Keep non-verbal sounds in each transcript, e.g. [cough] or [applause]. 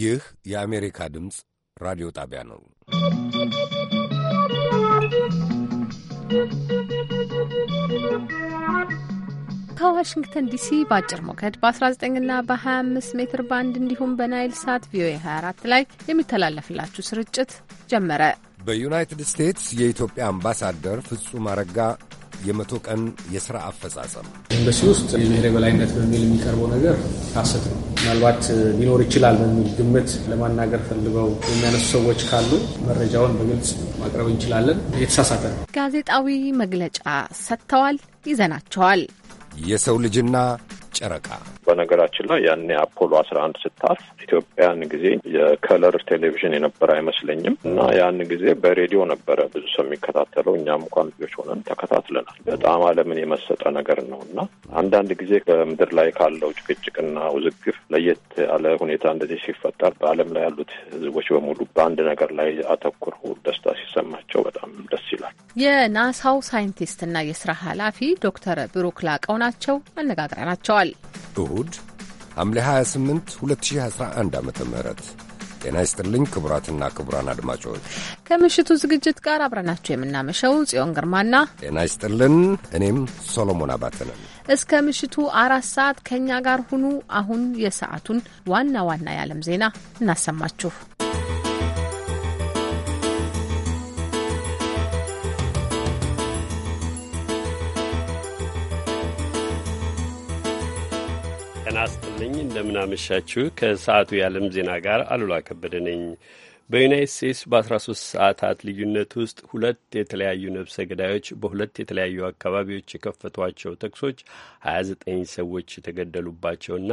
ይህ የአሜሪካ ድምፅ ራዲዮ ጣቢያ ነው። ከዋሽንግተን ዲሲ በአጭር ሞገድ በ19ና በ25 ሜትር ባንድ እንዲሁም በናይል ሳት ቪኦኤ 24 ላይ የሚተላለፍላችሁ ስርጭት ጀመረ። በዩናይትድ ስቴትስ የኢትዮጵያ አምባሳደር ፍጹም አረጋ የመቶ ቀን የሥራ አፈጻጸም ኤምባሲ ውስጥ የብሔራዊ በላይነት በሚል የሚቀርበው ነገር ሐሰት ነው ምናልባት ሊኖር ይችላል በሚል ግምት ለማናገር ፈልገው የሚያነሱ ሰዎች ካሉ መረጃውን በግልጽ ማቅረብ እንችላለን። የተሳሳተ ነው። ጋዜጣዊ መግለጫ ሰጥተዋል። ይዘናቸዋል። የሰው ልጅና ጨረቃ በነገራችን ላይ ያኔ አፖሎ አስራ አንድ ስታርፍ ኢትዮጵያን ጊዜ የከለር ቴሌቪዥን የነበረ አይመስለኝም እና ያን ጊዜ በሬዲዮ ነበረ ብዙ ሰው የሚከታተለው። እኛም እንኳን ልጆች ሆነን ተከታትለናል። በጣም ዓለምን የመሰጠ ነገር ነው እና አንዳንድ ጊዜ በምድር ላይ ካለው ጭቅጭቅና ውዝግብ ለየት ያለ ሁኔታ እንደዚህ ሲፈጠር በዓለም ላይ ያሉት ህዝቦች በሙሉ በአንድ ነገር ላይ አተኩረው ደስታ ሲሰማቸው በጣም ደስ ይላል። የናሳው ሳይንቲስትና የስራ ኃላፊ ዶክተር ብሩክ ላቀው ናቸው። አነጋግረናቸዋል። እሁድ ሐምሌ 28 2011 ዓ ም ጤና ይስጥልኝ ክቡራትና ክቡራን አድማጮች ከምሽቱ ዝግጅት ጋር አብረናችሁ የምናመሸው ጽዮን ግርማና ጤና ይስጥልን እኔም ሶሎሞን አባተ ነን። እስከ ምሽቱ አራት ሰዓት ከእኛ ጋር ሁኑ። አሁን የሰዓቱን ዋና ዋና የዓለም ዜና እናሰማችሁ። እንደምናመሻችሁ ከሰዓቱ የዓለም ዜና ጋር አሉላ ከበደ ነኝ። በዩናይት ስቴትስ በ13 ሰዓታት ልዩነት ውስጥ ሁለት የተለያዩ ነፍሰ ገዳዮች በሁለት የተለያዩ አካባቢዎች የከፈቷቸው ተኩሶች 29 ሰዎች የተገደሉባቸውና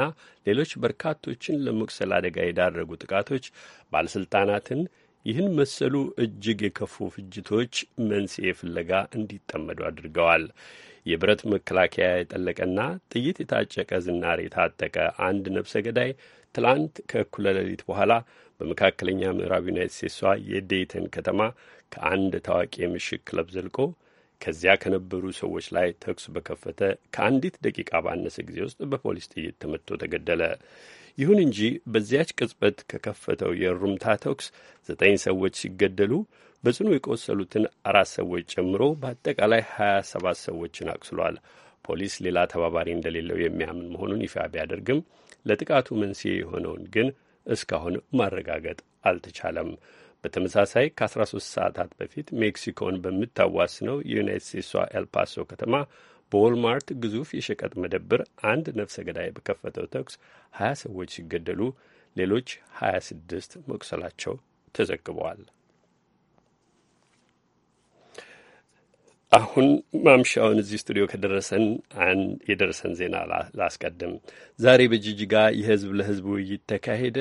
ሌሎች በርካቶችን ለመቁሰል አደጋ የዳረጉ ጥቃቶች ባለሥልጣናትን ይህን መሰሉ እጅግ የከፉ ፍጅቶች መንስኤ ፍለጋ እንዲጠመዱ አድርገዋል። የብረት መከላከያ የጠለቀና ጥይት የታጨቀ ዝናር የታጠቀ አንድ ነፍሰ ገዳይ ትላንት ከእኩለ ሌሊት በኋላ በመካከለኛ ምዕራብ ዩናይት ስቴትሷ የዴይተን ከተማ ከአንድ ታዋቂ የምሽት ክለብ ዘልቆ ከዚያ ከነበሩ ሰዎች ላይ ተኩስ በከፈተ ከአንዲት ደቂቃ ባነሰ ጊዜ ውስጥ በፖሊስ ጥይት ተመትቶ ተገደለ። ይሁን እንጂ በዚያች ቅጽበት ከከፈተው የሩምታ ተኩስ ዘጠኝ ሰዎች ሲገደሉ በጽኑ የቆሰሉትን አራት ሰዎች ጨምሮ በአጠቃላይ 27 ሰዎችን አቁስሏል። ፖሊስ ሌላ ተባባሪ እንደሌለው የሚያምን መሆኑን ይፋ ቢያደርግም ለጥቃቱ መንስኤ የሆነውን ግን እስካሁን ማረጋገጥ አልተቻለም። በተመሳሳይ ከ13 ሰዓታት በፊት ሜክሲኮን በምታዋስነው የዩናይት ስቴትሷ ኤልፓሶ ከተማ በዎልማርት ግዙፍ የሸቀጥ መደብር አንድ ነፍሰ ገዳይ በከፈተው ተኩስ 20 ሰዎች ሲገደሉ ሌሎች 26 መቁሰላቸው ተዘግበዋል። አሁን ማምሻውን እዚህ ስቱዲዮ ከደረሰን የደረሰን ዜና ላስቀድም። ዛሬ በጅጅጋ የህዝብ ለህዝብ ውይይት ተካሄደ።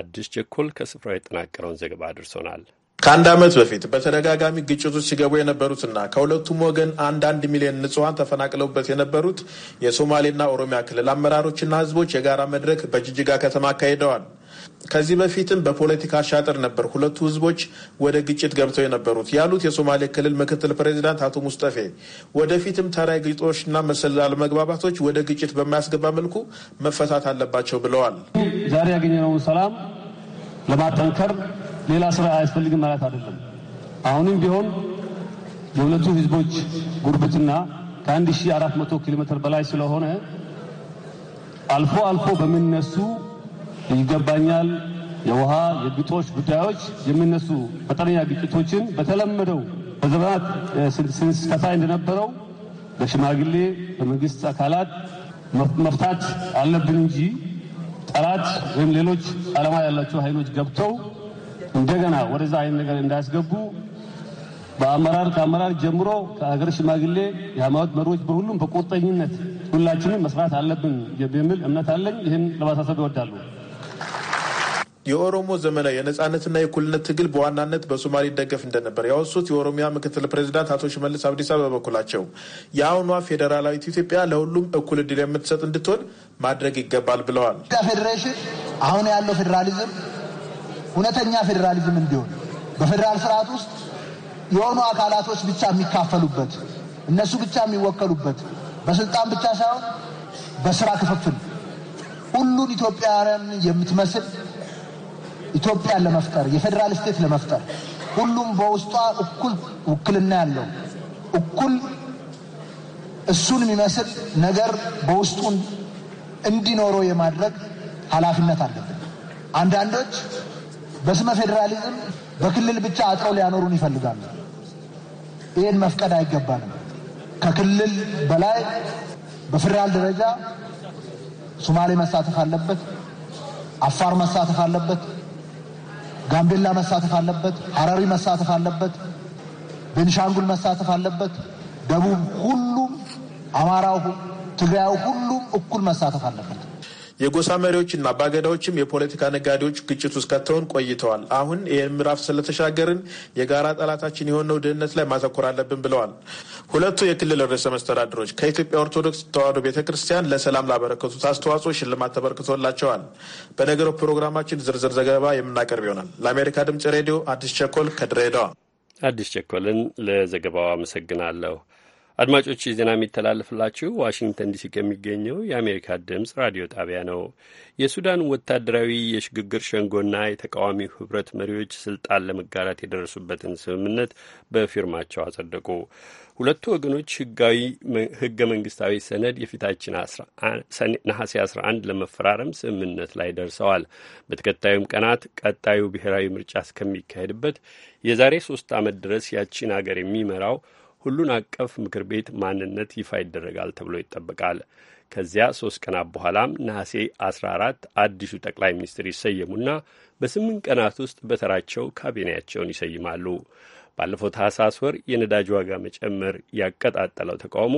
አዲስ ቸኮል ከስፍራው የጠናቀረውን ዘገባ አድርሶናል። ከአንድ ዓመት በፊት በተደጋጋሚ ግጭቶች ሲገቡ የነበሩትና ከሁለቱም ወገን አንዳንድ ሚሊዮን ንጹሐን ተፈናቅለውበት የነበሩት የሶማሌና ኦሮሚያ ክልል አመራሮችና ህዝቦች የጋራ መድረክ በጅጅጋ ከተማ አካሂደዋል። ከዚህ በፊትም በፖለቲካ አሻጥር ነበር ሁለቱ ህዝቦች ወደ ግጭት ገብተው የነበሩት ያሉት የሶማሌ ክልል ምክትል ፕሬዚዳንት አቶ ሙስጠፌ ወደፊትም ተራይ ግጦሽና መሰል አለመግባባቶች ወደ ግጭት በማያስገባ መልኩ መፈታት አለባቸው ብለዋል። ዛሬ ያገኘነውን ሰላም ለማጠንከር ሌላ ስራ አያስፈልግም ማለት አይደለም። አሁንም ቢሆን የሁለቱ ህዝቦች ጉርብትና ከ 1400 ኪሎ ሜትር በላይ ስለሆነ አልፎ አልፎ በሚነሱ ይገባኛል፣ የውሃ የግጦሽ ጉዳዮች የሚነሱ መጠነኛ ግጭቶችን በተለመደው በዘመናት ስንፈታ እንደነበረው በሽማግሌ በመንግስት አካላት መፍታት አለብን እንጂ ጠላት ወይም ሌሎች ዓላማ ያላቸው ኃይሎች ገብተው እንደገና ወደዛ አይነት ነገር እንዳያስገቡ በአመራር ከአመራር ጀምሮ ከሀገር ሽማግሌ የሃይማኖት መሪዎች በሁሉም በቁርጠኝነት ሁላችንም መስራት አለብን የሚል እምነት አለኝ። ይህን ለማሳሰብ ይወዳሉ። የኦሮሞ ዘመናዊ የነጻነትና የእኩልነት ትግል በዋናነት በሶማሌ ይደገፍ እንደነበር ያወሱት የኦሮሚያ ምክትል ፕሬዚዳንት አቶ ሽመልስ አብዲሳ በበኩላቸው የአሁኗ ፌዴራላዊት ኢትዮጵያ ለሁሉም እኩል እድል የምትሰጥ እንድትሆን ማድረግ ይገባል ብለዋል። ፌዴሬሽን አሁን ያለው ፌዴራሊዝም እውነተኛ ፌዴራሊዝም እንዲሆን በፌዴራል ስርዓት ውስጥ የሆኑ አካላቶች ብቻ የሚካፈሉበት እነሱ ብቻ የሚወከሉበት በስልጣን ብቻ ሳይሆን በስራ ክፍፍል ሁሉን ኢትዮጵያውያን የምትመስል ኢትዮጵያን ለመፍጠር የፌዴራል ስቴት ለመፍጠር ሁሉም በውስጧ እኩል ውክልና ያለው እኩል እሱን የሚመስል ነገር በውስጡን እንዲኖረው የማድረግ ኃላፊነት አለብን። አንዳንዶች በስመ ፌዴራሊዝም በክልል ብቻ አጥረው ሊያኖሩን ይፈልጋሉ። ይህን መፍቀድ አይገባንም። ከክልል በላይ በፌዴራል ደረጃ ሶማሌ መሳተፍ አለበት፣ አፋር መሳተፍ አለበት። ጋምቤላ መሳተፍ አለበት፣ ሀረሪ መሳተፍ አለበት፣ ቤንሻንጉል መሳተፍ አለበት፣ ደቡብ ሁሉም፣ አማራው፣ ትግራዩ ሁሉም እኩል መሳተፍ አለበት። የጎሳ መሪዎችና ባገዳዎችም የፖለቲካ ነጋዴዎች ግጭት ውስጥ ከተውን ቆይተዋል። አሁን ይህን ምዕራፍ ስለተሻገርን የጋራ ጠላታችን የሆነው ድህነት ላይ ማተኮር አለብን ብለዋል። ሁለቱ የክልል ርዕሰ መስተዳድሮች ከኢትዮጵያ ኦርቶዶክስ ተዋህዶ ቤተ ክርስቲያን ለሰላም ላበረከቱት አስተዋጽኦ ሽልማት ተበርክቶላቸዋል። በነገሮ ፕሮግራማችን ዝርዝር ዘገባ የምናቀርብ ይሆናል። ለአሜሪካ ድምጽ ሬዲዮ አዲስ ቸኮል ከድሬዳዋ። አዲስ ቸኮልን ለዘገባው አመሰግናለሁ። አድማጮች ዜና የሚተላለፍላችሁ ዋሽንግተን ዲሲ ከሚገኘው የአሜሪካ ድምፅ ራዲዮ ጣቢያ ነው። የሱዳን ወታደራዊ የሽግግር ሸንጎና የተቃዋሚ ህብረት መሪዎች ስልጣን ለመጋራት የደረሱበትን ስምምነት በፊርማቸው አጸደቁ። ሁለቱ ወገኖች ህጋዊ ህገ መንግስታዊ ሰነድ የፊታችን ነሐሴ 11 ለመፈራረም ስምምነት ላይ ደርሰዋል። በተከታዩም ቀናት ቀጣዩ ብሔራዊ ምርጫ እስከሚካሄድበት የዛሬ ሶስት ዓመት ድረስ ያቺን አገር የሚመራው ሁሉን አቀፍ ምክር ቤት ማንነት ይፋ ይደረጋል ተብሎ ይጠበቃል። ከዚያ ሶስት ቀናት በኋላም ነሐሴ 14 አዲሱ ጠቅላይ ሚኒስትር ይሰየሙና በስምንት ቀናት ውስጥ በተራቸው ካቢኔያቸውን ይሰይማሉ። ባለፈው ታህሳስ ወር የነዳጅ ዋጋ መጨመር ያቀጣጠለው ተቃውሞ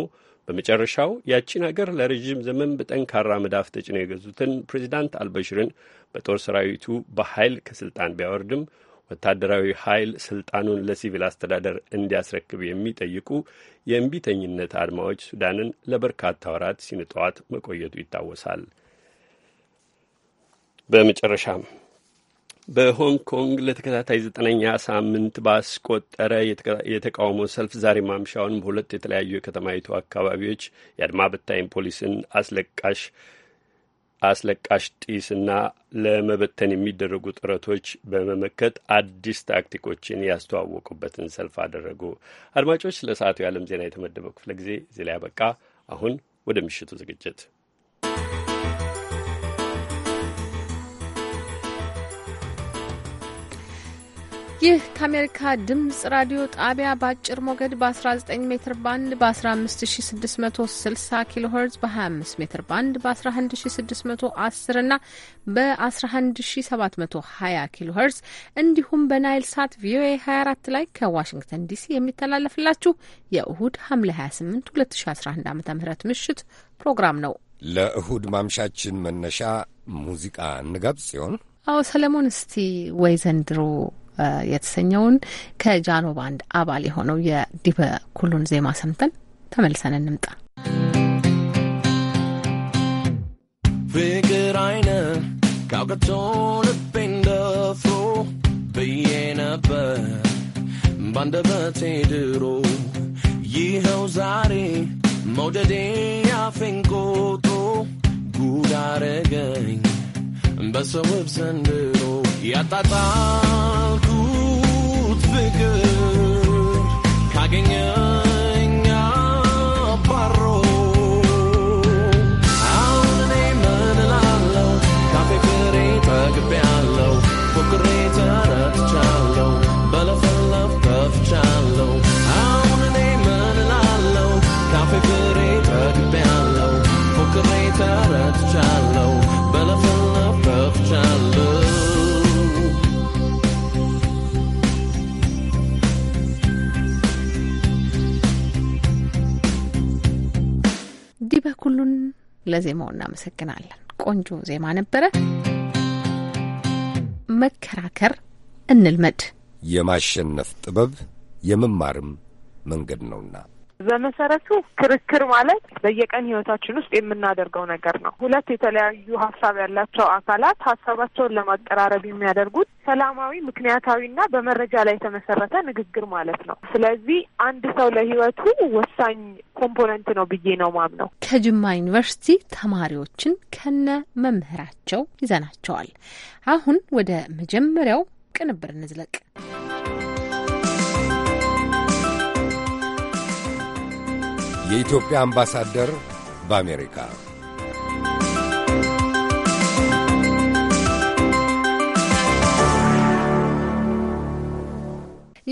በመጨረሻው ያቺን አገር ለረዥም ዘመን በጠንካራ መዳፍ ተጭነው የገዙትን ፕሬዚዳንት አልበሽርን በጦር ሰራዊቱ በኃይል ከስልጣን ቢያወርድም ወታደራዊ ኃይል ስልጣኑን ለሲቪል አስተዳደር እንዲያስረክብ የሚጠይቁ የእምቢተኝነት አድማዎች ሱዳንን ለበርካታ ወራት ሲንጠዋት መቆየቱ ይታወሳል። በመጨረሻም በሆንግ ኮንግ ለተከታታይ ዘጠነኛ ሳምንት ባስቆጠረ የተቃውሞ ሰልፍ ዛሬ ማምሻውን በሁለት የተለያዩ የከተማይቱ አካባቢዎች የአድማ በታኝ ፖሊስን አስለቃሽ አስለቃሽ ጢስና ለመበተን የሚደረጉ ጥረቶች በመመከት አዲስ ታክቲኮችን ያስተዋወቁበትን ሰልፍ አደረጉ። አድማጮች፣ ለሰዓቱ የዓለም ዜና የተመደበው ክፍለ ጊዜ እዚህ ላይ ያበቃ። አሁን ወደ ምሽቱ ዝግጅት ይህ ከአሜሪካ ድምፅ ራዲዮ ጣቢያ በአጭር ሞገድ በ19 ሜትር ባንድ በ15660 ኪሎ ሄርዝ በ25 ሜትር ባንድ በ11610 እና በ11720 ኪሎ ሄርዝ እንዲሁም በናይል ሳት ቪኦኤ 24 ላይ ከዋሽንግተን ዲሲ የሚተላለፍላችሁ የእሁድ ሐምሌ 28 2011 ዓ ም ምሽት ፕሮግራም ነው። ለእሁድ ማምሻችን መነሻ ሙዚቃ እንጋብዝ ሲሆን አዎ ሰለሞን፣ እስቲ ወይ ዘንድሮ የተሰኘውን ከጃኖ ባንድ አባል የሆነው የዲበ ኩሉን ዜማ ሰምተን ተመልሰን እንምጣ። ፍቅር አይነ ካውቀቶ ልቤ እንደፍሮ ብዬ ነበር ባንደበቴ ድሮ ይኸው ዛሬ መውደዴ ያፌን ጉዳረገኝ። ጉድ አረገኝ በሰበብ ዘንድሮ ያጣጣልኩት ፍቅር ካገኘኝ አባሮ አሁን እኔ ምን እላለሁ? ከፍቅሬ ጠግቤያለሁ፣ ፎክሬ ተረትቻለሁ፣ በለፈለፍ ተፍቻለሁ ለዜማው እናመሰግናለን። ቆንጆ ዜማ ነበረ። መከራከር እንልመድ። የማሸነፍ ጥበብ የመማርም መንገድ ነውና በመሰረቱ ክርክር ማለት በየቀን ህይወታችን ውስጥ የምናደርገው ነገር ነው። ሁለት የተለያዩ ሀሳብ ያላቸው አካላት ሀሳባቸውን ለማቀራረብ የሚያደርጉት ሰላማዊ፣ ምክንያታዊ እና በመረጃ ላይ የተመሰረተ ንግግር ማለት ነው። ስለዚህ አንድ ሰው ለህይወቱ ወሳኝ ኮምፖነንት ነው ብዬ ነው ማምነው። ከጅማ ዩኒቨርሲቲ ተማሪዎችን ከነ መምህራቸው ይዘናቸዋል። አሁን ወደ መጀመሪያው ቅንብር እንዝለቅ። የኢትዮጵያ አምባሳደር በአሜሪካ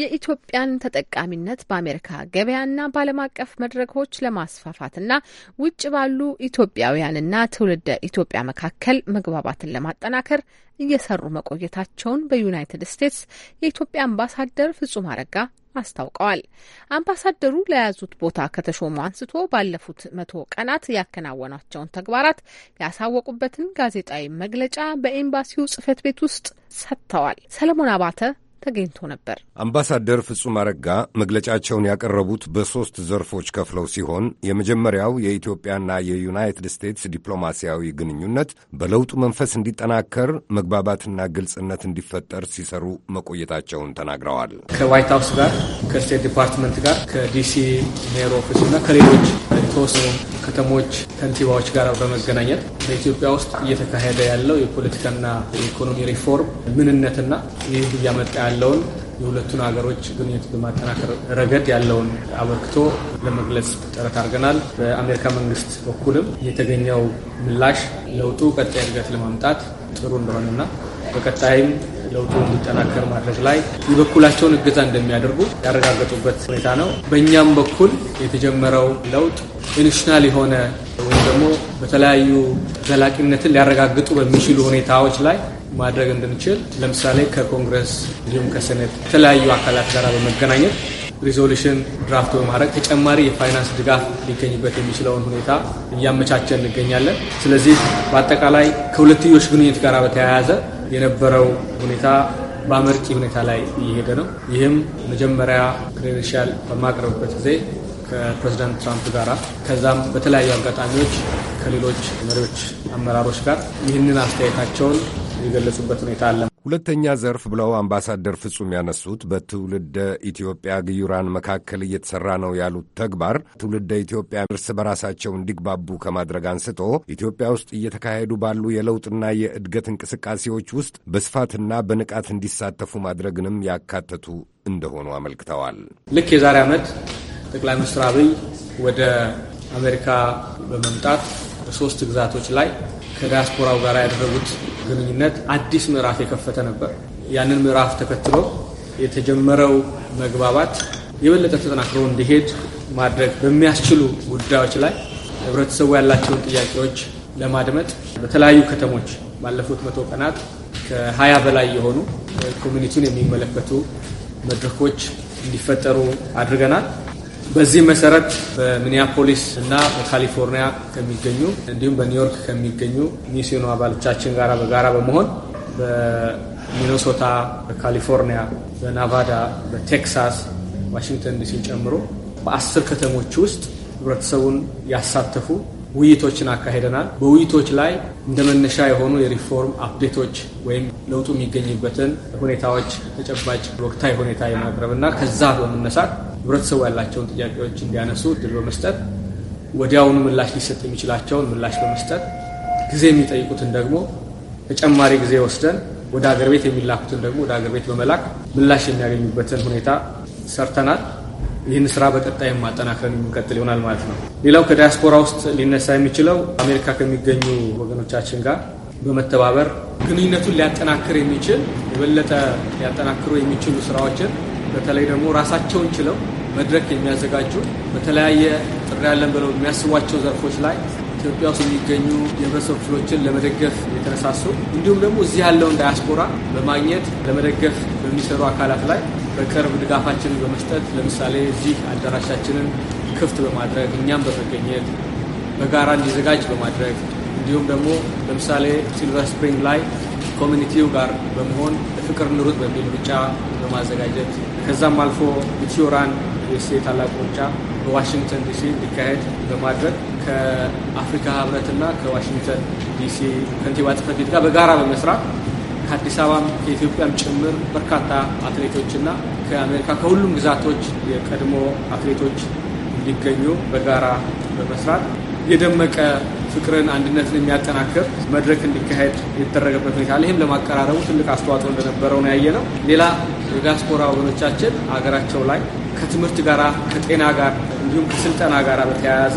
የኢትዮጵያን ተጠቃሚነት በአሜሪካ ገበያና በዓለም አቀፍ መድረኮች ለማስፋፋትና ውጭ ባሉ ኢትዮጵያውያንና ትውልደ ኢትዮጵያ መካከል መግባባትን ለማጠናከር እየሰሩ መቆየታቸውን በዩናይትድ ስቴትስ የኢትዮጵያ አምባሳደር ፍጹም አረጋ አስታውቀዋል። አምባሳደሩ ለያዙት ቦታ ከተሾሙ አንስቶ ባለፉት መቶ ቀናት ያከናወኗቸውን ተግባራት ያሳወቁበትን ጋዜጣዊ መግለጫ በኤምባሲው ጽህፈት ቤት ውስጥ ሰጥተዋል። ሰለሞን አባተ ተገኝቶ ነበር። አምባሳደር ፍጹም አረጋ መግለጫቸውን ያቀረቡት በሦስት ዘርፎች ከፍለው ሲሆን የመጀመሪያው የኢትዮጵያና የዩናይትድ ስቴትስ ዲፕሎማሲያዊ ግንኙነት በለውጡ መንፈስ እንዲጠናከር መግባባትና ግልጽነት እንዲፈጠር ሲሰሩ መቆየታቸውን ተናግረዋል። ከዋይት ሀውስ ጋር ከስቴት ዲፓርትመንት ጋር ከዲሲ ሜሮ ኦፊስ እና ከሌሎች ከተወሰኑ ከተሞች ከንቲባዎች ጋር በመገናኘት በኢትዮጵያ ውስጥ እየተካሄደ ያለው የፖለቲካና የኢኮኖሚ ሪፎርም ምንነትና ይህ እያመጣ ያለውን የሁለቱን ሀገሮች ግንኙነት በማጠናከር ረገድ ያለውን አበርክቶ ለመግለጽ ጥረት አድርገናል። በአሜሪካ መንግስት በኩልም የተገኘው ምላሽ ለውጡ ቀጣይ እድገት ለማምጣት ጥሩ እንደሆነና በቀጣይም ለውጡ እንዲጠናከር ማድረግ ላይ የበኩላቸውን እገዛ እንደሚያደርጉ ያረጋገጡበት ሁኔታ ነው። በእኛም በኩል የተጀመረው ለውጥ ኢንሽናል የሆነ ወይም ደግሞ በተለያዩ ዘላቂነትን ሊያረጋግጡ በሚችሉ ሁኔታዎች ላይ ማድረግ እንድንችል ለምሳሌ ከኮንግረስ እንዲሁም ከሴኔት የተለያዩ አካላት ጋር በመገናኘት ሪዞሉሽን ድራፍት በማድረግ ተጨማሪ የፋይናንስ ድጋፍ ሊገኝበት የሚችለውን ሁኔታ እያመቻቸ እንገኛለን። ስለዚህ በአጠቃላይ ከሁለትዮሽ ግንኙነት ጋር በተያያዘ የነበረው ሁኔታ በአመርቂ ሁኔታ ላይ እየሄደ ነው። ይህም መጀመሪያ ክሬደንሻል በማቅረብበት ጊዜ ከፕሬዚዳንት ትራምፕ ጋር ከዛም በተለያዩ አጋጣሚዎች ከሌሎች መሪዎች፣ አመራሮች ጋር ይህንን አስተያየታቸውን የገለጹበት ሁኔታ አለ። ሁለተኛ ዘርፍ ብለው አምባሳደር ፍጹም ያነሱት በትውልደ ኢትዮጵያ ግዩራን መካከል እየተሰራ ነው ያሉት ተግባር ትውልደ ኢትዮጵያ እርስ በራሳቸው እንዲግባቡ ከማድረግ አንስቶ ኢትዮጵያ ውስጥ እየተካሄዱ ባሉ የለውጥና የእድገት እንቅስቃሴዎች ውስጥ በስፋትና በንቃት እንዲሳተፉ ማድረግንም ያካተቱ እንደሆኑ አመልክተዋል። ልክ የዛሬ ዓመት ጠቅላይ ሚኒስትር አብይ ወደ አሜሪካ በመምጣት በሶስት ግዛቶች ላይ ከዲያስፖራው ጋር ያደረጉት ግንኙነት አዲስ ምዕራፍ የከፈተ ነበር። ያንን ምዕራፍ ተከትሎ የተጀመረው መግባባት የበለጠ ተጠናክሮ እንዲሄድ ማድረግ በሚያስችሉ ጉዳዮች ላይ ህብረተሰቡ ያላቸውን ጥያቄዎች ለማድመጥ በተለያዩ ከተሞች ባለፉት መቶ ቀናት ከሀያ በላይ የሆኑ ኮሚኒቲውን የሚመለከቱ መድረኮች እንዲፈጠሩ አድርገናል። በዚህ መሰረት በሚኒያፖሊስ እና በካሊፎርኒያ ከሚገኙ እንዲሁም በኒውዮርክ ከሚገኙ ሚስዮኑ አባሎቻችን ጋራ በጋራ በመሆን በሚኔሶታ፣ በካሊፎርኒያ፣ በናቫዳ፣ በቴክሳስ፣ ዋሽንግተን ዲሲን ጨምሮ በአስር ከተሞች ውስጥ ህብረተሰቡን ያሳተፉ ውይይቶችን አካሄደናል። በውይይቶች ላይ እንደ መነሻ የሆኑ የሪፎርም አፕዴቶች ወይም ለውጡ የሚገኝበትን ሁኔታዎች ተጨባጭ ወቅታዊ ሁኔታ የማቅረብና ከዛ በመነሳት ህብረተሰቡ ያላቸውን ጥያቄዎች እንዲያነሱ እድል በመስጠት ወዲያውኑ ምላሽ ሊሰጥ የሚችላቸውን ምላሽ በመስጠት ጊዜ የሚጠይቁትን ደግሞ ተጨማሪ ጊዜ ወስደን ወደ አገር ቤት የሚላኩትን ደግሞ ወደ አገር ቤት በመላክ ምላሽ የሚያገኙበትን ሁኔታ ሰርተናል። ይህን ስራ በቀጣይ ማጠናከር የሚቀጥል ይሆናል ማለት ነው። ሌላው ከዲያስፖራ ውስጥ ሊነሳ የሚችለው አሜሪካ ከሚገኙ ወገኖቻችን ጋር በመተባበር ግንኙነቱን ሊያጠናክር የሚችል የበለጠ ሊያጠናክሩ የሚችሉ ስራዎችን በተለይ ደግሞ ራሳቸውን ችለው መድረክ የሚያዘጋጁ በተለያየ ጥሪ ያለን ብለው የሚያስቧቸው ዘርፎች ላይ ኢትዮጵያ ውስጥ የሚገኙ የህብረተሰብ ክፍሎችን ለመደገፍ የተነሳሱ እንዲሁም ደግሞ እዚህ ያለውን ዳያስፖራ በማግኘት ለመደገፍ በሚሰሩ አካላት ላይ በቅርብ ድጋፋችንን በመስጠት ለምሳሌ እዚህ አዳራሻችንን ክፍት በማድረግ እኛም በመገኘት በጋራ እንዲዘጋጅ በማድረግ እንዲሁም ደግሞ ለምሳሌ ሲልቨር ስፕሪንግ ላይ ኮሚኒቲው ጋር በመሆን ፍቅር ንሩጥ በሚል ሩጫ በማዘጋጀት ከዛም አልፎ ሚትዮራን የሴ ታላቁ ሩጫ በዋሽንግተን ዲሲ እንዲካሄድ በማድረግ ከአፍሪካ ህብረትና ከዋሽንግተን ዲሲ ከንቲባ ጽሕፈት ቤት ጋር በጋራ በመስራት ከአዲስ አበባም ከኢትዮጵያም ጭምር በርካታ አትሌቶችና ከአሜሪካ ከሁሉም ግዛቶች የቀድሞ አትሌቶች እንዲገኙ በጋራ በመስራት የደመቀ ፍቅርን፣ አንድነትን የሚያጠናክር መድረክ እንዲካሄድ የተደረገበት ሁኔታ ይህም ለማቀራረቡ ትልቅ አስተዋጽኦ እንደነበረው ነው ያየ ነው። ሌላ የዲያስፖራ ወገኖቻችን ሀገራቸው ላይ ከትምህርት ጋር ከጤና ጋር እንዲሁም ከስልጠና ጋር በተያያዘ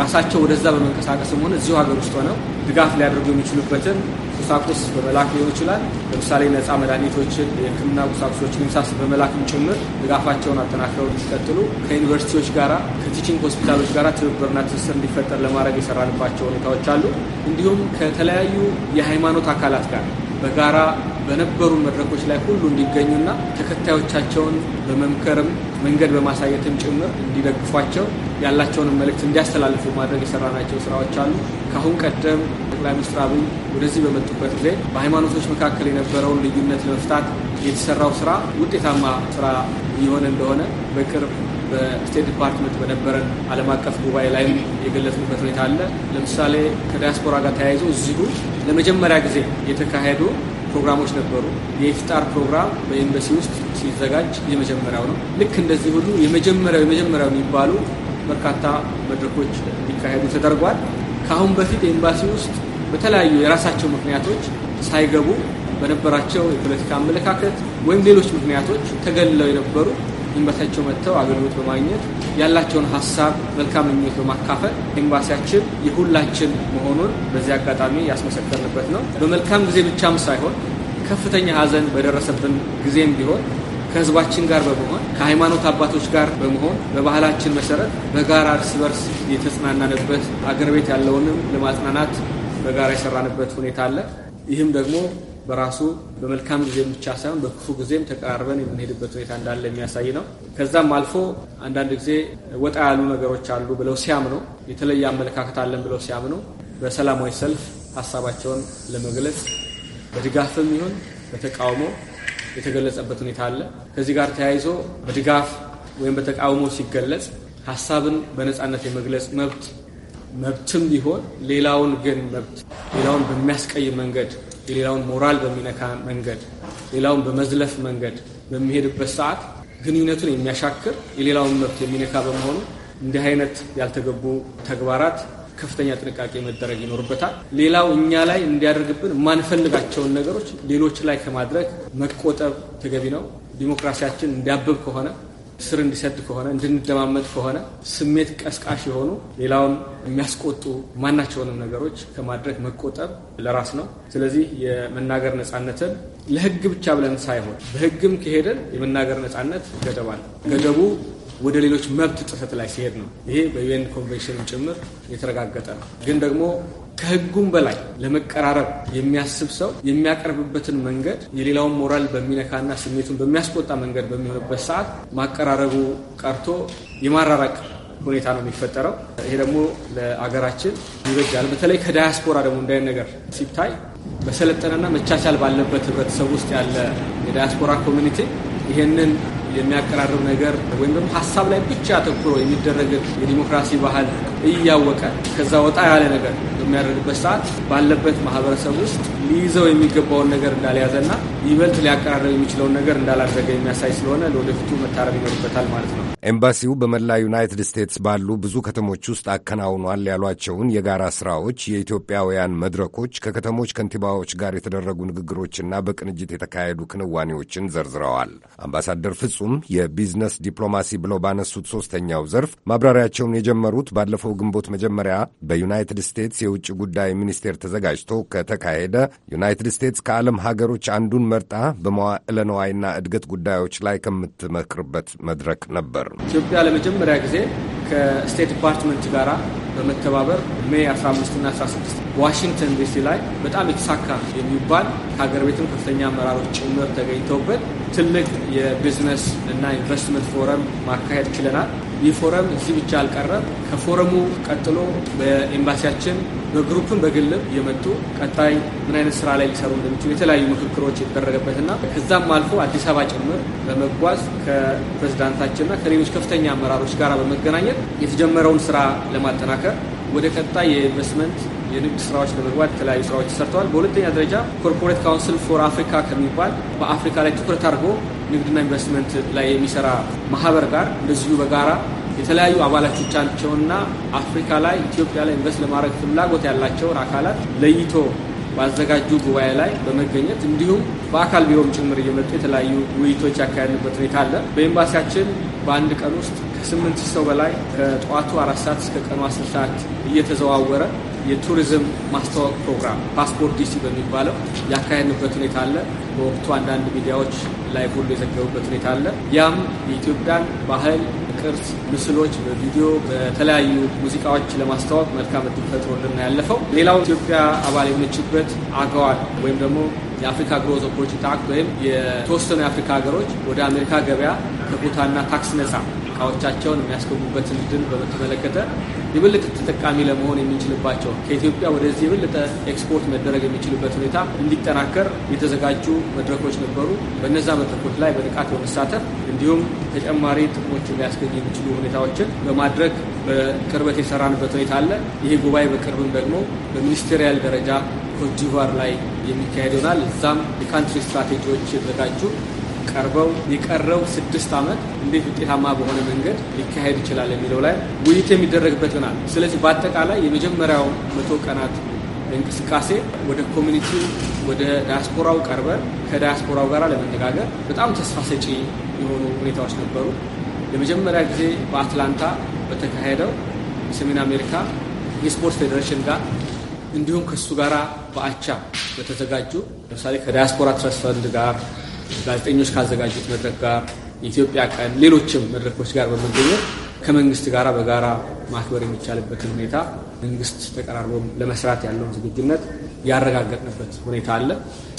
ራሳቸው ወደዛ በመንቀሳቀስም ሆነ እዚሁ ሀገር ውስጥ ሆነው ድጋፍ ሊያደርጉ የሚችሉበትን ቁሳቁስ በመላክ ሊሆን ይችላል። ለምሳሌ ነፃ መድኃኒቶችን፣ የሕክምና ቁሳቁሶችን ሳስ በመላክም ጭምር ድጋፋቸውን አጠናክረው እንዲቀጥሉ ከዩኒቨርሲቲዎች ጋር ከቲችንግ ሆስፒታሎች ጋር ትብብርና ትስስር እንዲፈጠር ለማድረግ የሰራንባቸው ሁኔታዎች አሉ። እንዲሁም ከተለያዩ የሃይማኖት አካላት ጋር በጋራ በነበሩ መድረኮች ላይ ሁሉ እንዲገኙና ተከታዮቻቸውን በመምከርም መንገድ በማሳየትም ጭምር እንዲደግፏቸው ያላቸውንም መልእክት እንዲያስተላልፉ ማድረግ የሰራናቸው ስራዎች አሉ። ከአሁን ቀደም ጠቅላይ ሚኒስትር አብይ ወደዚህ በመጡበት ጊዜ በሃይማኖቶች መካከል የነበረውን ልዩነት ለመፍታት የተሰራው ስራ ውጤታማ ስራ እየሆነ እንደሆነ በቅርብ በስቴት ዲፓርትመንት በነበረን ዓለም አቀፍ ጉባኤ ላይም የገለጽንበት ሁኔታ አለ። ለምሳሌ ከዲያስፖራ ጋር ተያይዞ እዚሁ ለመጀመሪያ ጊዜ የተካሄዱ ፕሮግራሞች ነበሩ። የኢፍጣር ፕሮግራም በኤምባሲ ውስጥ ሲዘጋጅ የመጀመሪያው ነው። ልክ እንደዚህ ሁሉ የመጀመሪያው የመጀመሪያው የሚባሉ በርካታ መድረኮች ሊካሄዱ ተደርጓል። ከአሁን በፊት ኤምባሲ ውስጥ በተለያዩ የራሳቸው ምክንያቶች ሳይገቡ በነበራቸው የፖለቲካ አመለካከት ወይም ሌሎች ምክንያቶች ተገልለው የነበሩ ኤምባሲያቸው መጥተው አገልግሎት በማግኘት ያላቸውን ሀሳብ መልካም ምኞት በማካፈል ኤምባሲያችን የሁላችን መሆኑን በዚህ አጋጣሚ ያስመሰከርንበት ነው። በመልካም ጊዜ ብቻም ሳይሆን ከፍተኛ ሀዘን በደረሰብን ጊዜም ቢሆን ከህዝባችን ጋር በመሆን ከሃይማኖት አባቶች ጋር በመሆን በባህላችን መሰረት በጋራ እርስ በርስ የተጽናናንበት አገር ቤት ያለውንም ለማጽናናት በጋራ የሰራንበት ሁኔታ አለ። ይህም ደግሞ በራሱ በመልካም ጊዜም ብቻ ሳይሆን በክፉ ጊዜም ተቀራርበን የምንሄድበት ሁኔታ እንዳለ የሚያሳይ ነው። ከዛም አልፎ አንዳንድ ጊዜ ወጣ ያሉ ነገሮች አሉ ብለው ሲያምኑ፣ የተለየ አመለካከት አለን ብለው ሲያምኑ በሰላማዊ ሰልፍ ሀሳባቸውን ለመግለጽ በድጋፍም ይሁን በተቃውሞ የተገለጸበት ሁኔታ አለ። ከዚህ ጋር ተያይዞ በድጋፍ ወይም በተቃውሞ ሲገለጽ ሀሳብን በነፃነት የመግለጽ መብት መብትም ቢሆን ሌላውን ግን መብት ሌላውን በሚያስቀይም መንገድ የሌላውን ሞራል በሚነካ መንገድ፣ ሌላውን በመዝለፍ መንገድ በሚሄድበት ሰዓት ግንኙነቱን የሚያሻክር የሌላውን መብት የሚነካ በመሆኑ እንዲህ አይነት ያልተገቡ ተግባራት ከፍተኛ ጥንቃቄ መደረግ ይኖርበታል። ሌላው እኛ ላይ እንዲያደርግብን የማንፈልጋቸውን ነገሮች ሌሎች ላይ ከማድረግ መቆጠብ ተገቢ ነው። ዲሞክራሲያችን እንዲያብብ ከሆነ ስር እንዲሰድ ከሆነ እንድንደማመጥ ከሆነ ስሜት ቀስቃሽ የሆኑ ሌላውን የሚያስቆጡ ማናቸውንም ነገሮች ከማድረግ መቆጠብ ለራስ ነው። ስለዚህ የመናገር ነጻነትን ለህግ ብቻ ብለን ሳይሆን በህግም ከሄደን የመናገር ነጻነት ገደብ ነው። ገደቡ ወደ ሌሎች መብት ጥሰት ላይ ሲሄድ ነው። ይሄ በዩኤን ኮንቬንሽን ጭምር የተረጋገጠ ነው። ግን ደግሞ ከህጉም በላይ ለመቀራረብ የሚያስብ ሰው የሚያቀርብበትን መንገድ የሌላውን ሞራል በሚነካና ስሜቱን በሚያስቆጣ መንገድ በሚሆንበት ሰዓት ማቀራረቡ ቀርቶ የማራራቅ ሁኔታ ነው የሚፈጠረው። ይሄ ደግሞ ለአገራችን ይበጃል። በተለይ ከዳያስፖራ ደግሞ እንዳይ ነገር ሲታይ በሰለጠነና መቻቻል ባለበት ህብረተሰብ ውስጥ ያለ የዳያስፖራ ኮሚኒቲ ይሄንን የሚያቀራርብ ነገር ወይም ደግሞ ሀሳብ ላይ ብቻ አተኩሮ የሚደረግ የዲሞክራሲ ባህል እያወቀ ከዛ ወጣ ያለ ነገር በሚያደርግበት ሰዓት ባለበት ማህበረሰብ ውስጥ ሊይዘው የሚገባውን ነገር እንዳልያዘና ይበልጥ ሊያቀራረብ የሚችለውን ነገር እንዳላደረገ የሚያሳይ ስለሆነ ለወደፊቱ መታረብ ይኖርበታል ማለት ነው። ኤምባሲው በመላ ዩናይትድ ስቴትስ ባሉ ብዙ ከተሞች ውስጥ አከናውኗል ያሏቸውን የጋራ ስራዎች፣ የኢትዮጵያውያን መድረኮች፣ ከከተሞች ከንቲባዎች ጋር የተደረጉ ንግግሮችና በቅንጅት የተካሄዱ ክንዋኔዎችን ዘርዝረዋል። አምባሳደር ፍጹም የቢዝነስ ዲፕሎማሲ ብለው ባነሱት ሶስተኛው ዘርፍ ማብራሪያቸውን የጀመሩት ባለፈው ግንቦት መጀመሪያ በዩናይትድ ስቴትስ የውጭ ጉዳይ ሚኒስቴር ተዘጋጅቶ ከተካሄደ ዩናይትድ ስቴትስ ከዓለም ሀገሮች አንዱን መርጣ በመዋዕለ ነዋይና እድገት ጉዳዮች ላይ ከምትመክርበት መድረክ ነበር። ኢትዮጵያ ለመጀመሪያ ጊዜ ከስቴት ዲፓርትመንት ጋር በመተባበር ሜይ 15 እና 16 ዋሽንግተን ዲሲ ላይ በጣም የተሳካ የሚባል ከሀገር ቤትም ከፍተኛ አመራሮች ጭምር ተገኝተውበት ትልቅ የቢዝነስ እና ኢንቨስትመንት ፎረም ማካሄድ ችለናል። ይህ ፎረም እዚህ ብቻ አልቀረም። ከፎረሙ ቀጥሎ በኤምባሲያችን በግሩፕም በግልም የመጡ ቀጣይ ምን አይነት ስራ ላይ ሊሰሩ እንደሚችሉ የተለያዩ ምክክሮች የተደረገበትና ከዛም አልፎ አዲስ አበባ ጭምር በመጓዝ ከፕሬዚዳንታችንና ከሌሎች ከፍተኛ አመራሮች ጋር በመገናኘት የተጀመረውን ስራ ለማጠናከር ወደ ቀጣይ የኢንቨስትመንት የንግድ ስራዎች ለመግባት የተለያዩ ስራዎች ተሰርተዋል። በሁለተኛ ደረጃ ኮርፖሬት ካውንስል ፎር አፍሪካ ከሚባል በአፍሪካ ላይ ትኩረት አድርጎ ንግድና ኢንቨስትመንት ላይ የሚሰራ ማህበር ጋር እንደዚሁ በጋራ የተለያዩ አባላቶቻቸውና አፍሪካ ላይ ኢትዮጵያ ላይ ኢንቨስት ለማድረግ ፍላጎት ያላቸውን አካላት ለይቶ ባዘጋጁ ጉባኤ ላይ በመገኘት እንዲሁም በአካል ቢሮም ጭምር እየመጡ የተለያዩ ውይይቶች ያካሄድንበት ሁኔታ አለ። በኤምባሲያችን በአንድ ቀን ውስጥ ስምንት ሰው በላይ ከጠዋቱ አራት ሰዓት እስከ ቀኑ አስር ሰዓት እየተዘዋወረ የቱሪዝም ማስተዋወቅ ፕሮግራም ፓስፖርት ዲሲ በሚባለው ያካሄድንበት ሁኔታ አለ። በወቅቱ አንዳንድ ሚዲያዎች ላይ ሁሉ የዘገቡበት ሁኔታ አለ። ያም የኢትዮጵያን ባህል ቅርስ ምስሎች በቪዲዮ በተለያዩ ሙዚቃዎች ለማስተዋወቅ መልካም እድል ፈጥሮልን ያለፈው። ሌላው ኢትዮጵያ አባል የሆነችበት አገዋል ወይም ደግሞ የአፍሪካ ግሮዝ ኦፖርቹኒቲ አክት ወይም የተወሰኑ የአፍሪካ ሀገሮች ወደ አሜሪካ ገበያ ከቦታና ታክስ ነጻ እቃዎቻቸውን የሚያስገቡበትን ድል በተመለከተ የበለጠ ተጠቃሚ ለመሆን የሚችልባቸው ከኢትዮጵያ ወደዚህ የበለጠ ኤክስፖርት መደረግ የሚችልበት ሁኔታ እንዲጠናከር የተዘጋጁ መድረኮች ነበሩ። በነዛ መድረኮች ላይ በንቃት በመሳተፍ እንዲሁም ተጨማሪ ጥቅሞች ሊያስገኙ የሚችሉ ሁኔታዎችን በማድረግ በቅርበት የሰራንበት ሁኔታ አለ። ይሄ ጉባኤ በቅርብም ደግሞ በሚኒስቴሪያል ደረጃ ኮትዲቫር ላይ የሚካሄድ ይሆናል። እዛም የካንትሪ ስትራቴጂዎች የተዘጋጁ ቀርበው የቀረው ስድስት ዓመት እንዴት ውጤታማ በሆነ መንገድ ሊካሄድ ይችላል የሚለው ላይ ውይይት የሚደረግበት ይሆናል። ስለዚህ በአጠቃላይ የመጀመሪያው መቶ ቀናት እንቅስቃሴ ወደ ኮሚኒቲው ወደ ዳያስፖራው ቀርበን ከዳያስፖራው ጋር ለመነጋገር በጣም ተስፋ ሰጪ የሆኑ ሁኔታዎች ነበሩ። ለመጀመሪያ ጊዜ በአትላንታ በተካሄደው የሰሜን አሜሪካ የስፖርት ፌዴሬሽን ጋር እንዲሁም ከእሱ ጋር በአቻ በተዘጋጁ ለምሳሌ ከዲያስፖራ ትረስ ፈንድ ጋር ጋዜጠኞች ካዘጋጁት መድረክ ጋር የኢትዮጵያ ቀን ሌሎችም መድረኮች ጋር በመገኘት ከመንግስት ጋር በጋራ ማክበር የሚቻልበትን ሁኔታ መንግስት ተቀራርቦ ለመስራት ያለውን ዝግጁነት ያረጋገጥንበት ሁኔታ አለ።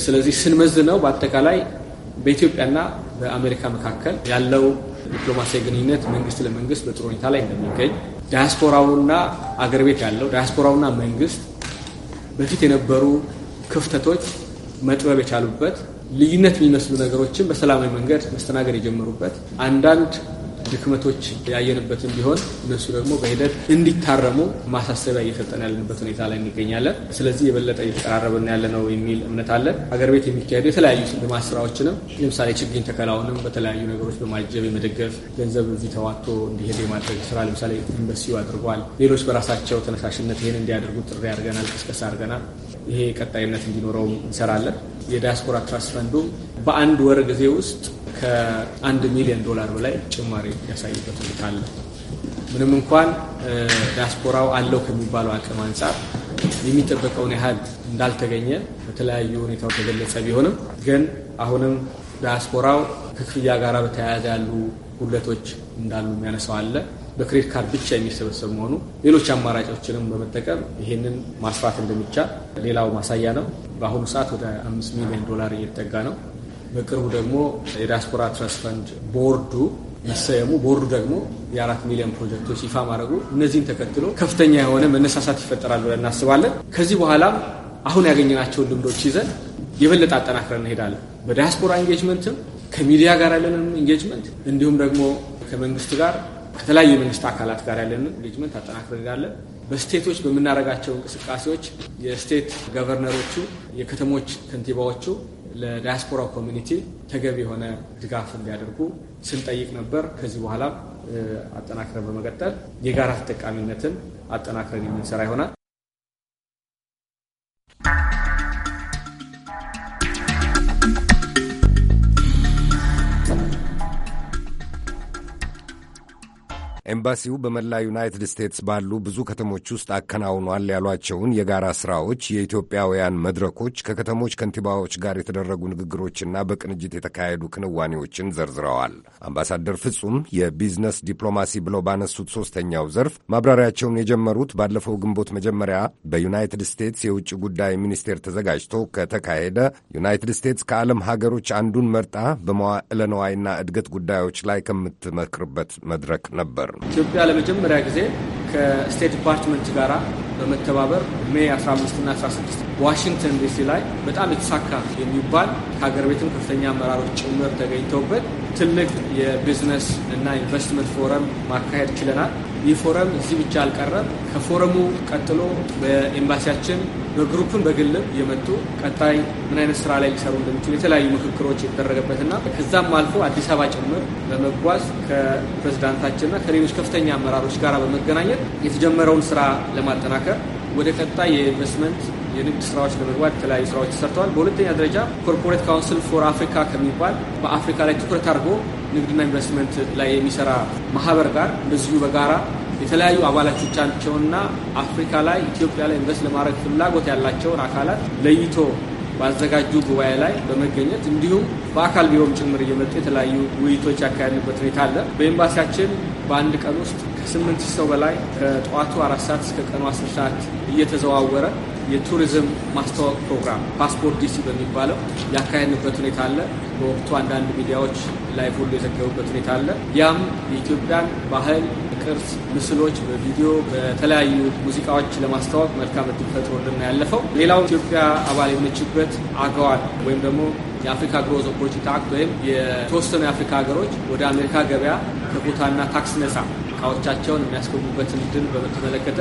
ስለዚህ ስንመዝ ነው በአጠቃላይ በኢትዮጵያና በአሜሪካ መካከል ያለው ዲፕሎማሲያዊ ግንኙነት መንግስት ለመንግስት በጥሩ ሁኔታ ላይ እንደሚገኝ ዳያስፖራውና አገር ቤት ያለው ዳያስፖራውና መንግስት በፊት የነበሩ ክፍተቶች መጥበብ የቻሉበት ልዩነት የሚመስሉ ነገሮችን በሰላማዊ መንገድ መስተናገድ የጀመሩበት አንዳንድ ድክመቶች ያየንበትን ቢሆን እነሱ ደግሞ በሂደት እንዲታረሙ ማሳሰቢያ እየሰጠን ያለንበት ሁኔታ ላይ እንገኛለን። ስለዚህ የበለጠ እየተቀራረብን ያለ ነው የሚል እምነት አለን። ሀገር ቤት የሚካሄዱ የተለያዩ ልማት ስራዎችንም ለምሳሌ ችግኝ ተከላውንም በተለያዩ ነገሮች በማጀብ የመደገፍ ገንዘብ እዚህ ተዋቶ እንዲሄድ የማድረግ ስራ ለምሳሌ ኤምባሲው አድርጓል። ሌሎች በራሳቸው ተነሳሽነት ይህን እንዲያደርጉ ጥሪ አድርገናል፣ ቅስቀሳ አድርገናል። ይሄ ቀጣይነት እንዲኖረው እንሰራለን። የዲያስፖራ ትራስት ፈንዱ በአንድ ወር ጊዜ ውስጥ ከአንድ ሚሊዮን ዶላር በላይ ጭማሪ ያሳይበት ሁኔታ አለ። ምንም እንኳን ዲያስፖራው አለው ከሚባለው አቅም አንጻር የሚጠበቀውን ያህል እንዳልተገኘ በተለያዩ ሁኔታዎች ተገለጸ ቢሆንም ግን አሁንም ዲያስፖራው ከክፍያ ጋር በተያያዘ ያሉ ሁለቶች እንዳሉ የሚያነሳው አለ። በክሬዲት ካርድ ብቻ የሚሰበሰብ መሆኑ ሌሎች አማራጮችንም በመጠቀም ይህንን ማስፋት እንደሚቻል ሌላው ማሳያ ነው። በአሁኑ ሰዓት ወደ አምስት ሚሊዮን ዶላር እየተጠጋ ነው። በቅርቡ ደግሞ የዲያስፖራ ትረስት ፈንድ ቦርዱ መሰየሙ ቦርዱ ደግሞ የአራት ሚሊዮን ፕሮጀክቶች ይፋ ማድረጉ እነዚህን ተከትሎ ከፍተኛ የሆነ መነሳሳት ይፈጠራል ብለን እናስባለን። ከዚህ በኋላም አሁን ያገኘናቸውን ልምዶች ይዘን የበለጠ አጠናክረን እንሄዳለን። በዲያስፖራ ኤንጌጅመንትም ከሚዲያ ጋር ያለንን ኤንጌጅመንት እንዲሁም ደግሞ ከመንግስት ጋር ከተለያዩ የመንግስት አካላት ጋር ያለንን ኤንጌጅመንት አጠናክረን እንሄዳለን። በስቴቶች በምናደርጋቸው እንቅስቃሴዎች የስቴት ገቨርነሮቹ፣ የከተሞች ከንቲባዎቹ ለዳያስፖራ ኮሚኒቲ ተገቢ የሆነ ድጋፍ እንዲያደርጉ ስንጠይቅ ነበር። ከዚህ በኋላ አጠናክረን በመቀጠል የጋራ ተጠቃሚነትን አጠናክረን የምንሰራ ይሆናል። ኤምባሲው በመላ ዩናይትድ ስቴትስ ባሉ ብዙ ከተሞች ውስጥ አከናውኗል ያሏቸውን የጋራ ስራዎች፣ የኢትዮጵያውያን መድረኮች፣ ከከተሞች ከንቲባዎች ጋር የተደረጉ ንግግሮችና በቅንጅት የተካሄዱ ክንዋኔዎችን ዘርዝረዋል። አምባሳደር ፍጹም የቢዝነስ ዲፕሎማሲ ብለው ባነሱት ሶስተኛው ዘርፍ ማብራሪያቸውን የጀመሩት ባለፈው ግንቦት መጀመሪያ በዩናይትድ ስቴትስ የውጭ ጉዳይ ሚኒስቴር ተዘጋጅቶ ከተካሄደ ዩናይትድ ስቴትስ ከዓለም ሀገሮች አንዱን መርጣ በመዋዕለ ነዋይና እድገት ጉዳዮች ላይ ከምትመክርበት መድረክ ነበር። ነው። ኢትዮጵያ ለመጀመሪያ ጊዜ ከስቴት ዲፓርትመንት ጋራ በመተባበር ሜይ 15 እና 16 ዋሽንግተን ዲሲ ላይ በጣም የተሳካ የሚባል ከሀገር ቤትም ከፍተኛ አመራሮች ጭምር ተገኝተውበት ትልቅ የቢዝነስ እና ኢንቨስትመንት ፎረም ማካሄድ ችለናል። ይህ ፎረም እዚህ ብቻ አልቀረም። ከፎረሙ ቀጥሎ በኤምባሲያችን በግሩፕን በግልም የመጡ ቀጣይ ምን አይነት ስራ ላይ ሊሰሩ እንደሚችሉ የተለያዩ ምክክሮች የተደረገበትና ከዛም አልፎ አዲስ አበባ ጭምር በመጓዝ ከፕሬዚዳንታችንና ከሌሎች ከፍተኛ አመራሮች ጋር በመገናኘት የተጀመረውን ስራ ለማጠናከር ወደ ቀጣይ የኢንቨስትመንት የንግድ ስራዎች ለመግባት የተለያዩ ስራዎች ተሰርተዋል። በሁለተኛ ደረጃ ኮርፖሬት ካውንስል ፎር አፍሪካ ከሚባል በአፍሪካ ላይ ትኩረት አድርጎ ንግድና ኢንቨስትመንት ላይ የሚሰራ ማህበር ጋር እንደዚሁ በጋራ የተለያዩ አባላቶቻቸውና አፍሪካ ላይ ኢትዮጵያ ላይ ኢንቨስት ለማድረግ ፍላጎት ያላቸውን አካላት ለይቶ ባዘጋጁ ጉባኤ ላይ በመገኘት እንዲሁም በአካል ቢሮም ጭምር እየመጡ የተለያዩ ውይይቶች ያካሄድንበት ሁኔታ አለ። በኤምባሲያችን በአንድ ቀን ውስጥ ከስምንት ሰው በላይ ከጠዋቱ አራት ሰዓት እስከ ቀኑ አስር ሰዓት እየተዘዋወረ የቱሪዝም ማስተዋወቅ ፕሮግራም ፓስፖርት ዲሲ በሚባለው ያካሄድንበት ሁኔታ አለ። በወቅቱ አንዳንድ ሚዲያዎች ላይ ሁሉ የዘገቡበት ሁኔታ አለ። ያም የኢትዮጵያን ባህል ቅርስ ምስሎች በቪዲዮ በተለያዩ ሙዚቃዎች ለማስተዋወቅ መልካም እድል ፈጥሮልን ያለፈው። ሌላው ኢትዮጵያ አባል የሆነችበት አገዋን ወይም ደግሞ የአፍሪካ ግሮዝ ኦፖርቹኒቲ አክት ወይም የተወሰኑ የአፍሪካ ሀገሮች ወደ አሜሪካ ገበያ ከቦታና ታክስ ነጻ እቃዎቻቸውን የሚያስገቡበትን እድል በተመለከተ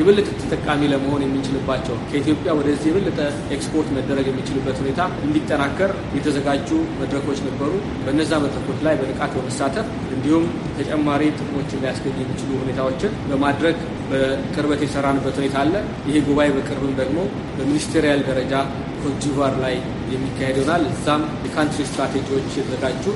የበለጠ ተጠቃሚ ለመሆን የምንችልባቸው ከኢትዮጵያ ወደዚህ የበለጠ ኤክስፖርት መደረግ የሚችልበት ሁኔታ እንዲጠናከር የተዘጋጁ መድረኮች ነበሩ። በነዛ መድረኮች ላይ በንቃት በመሳተፍ እንዲሁም ተጨማሪ ጥቅሞችን ሊያስገኙ የሚችሉ ሁኔታዎችን በማድረግ በቅርበት የሰራንበት ሁኔታ አለ። ይሄ ጉባኤ በቅርብም ደግሞ በሚኒስቴሪያል ደረጃ ኮትዲቫር ላይ የሚካሄድ ይሆናል። እዛም የካንትሪ ስትራቴጂዎች የተዘጋጁ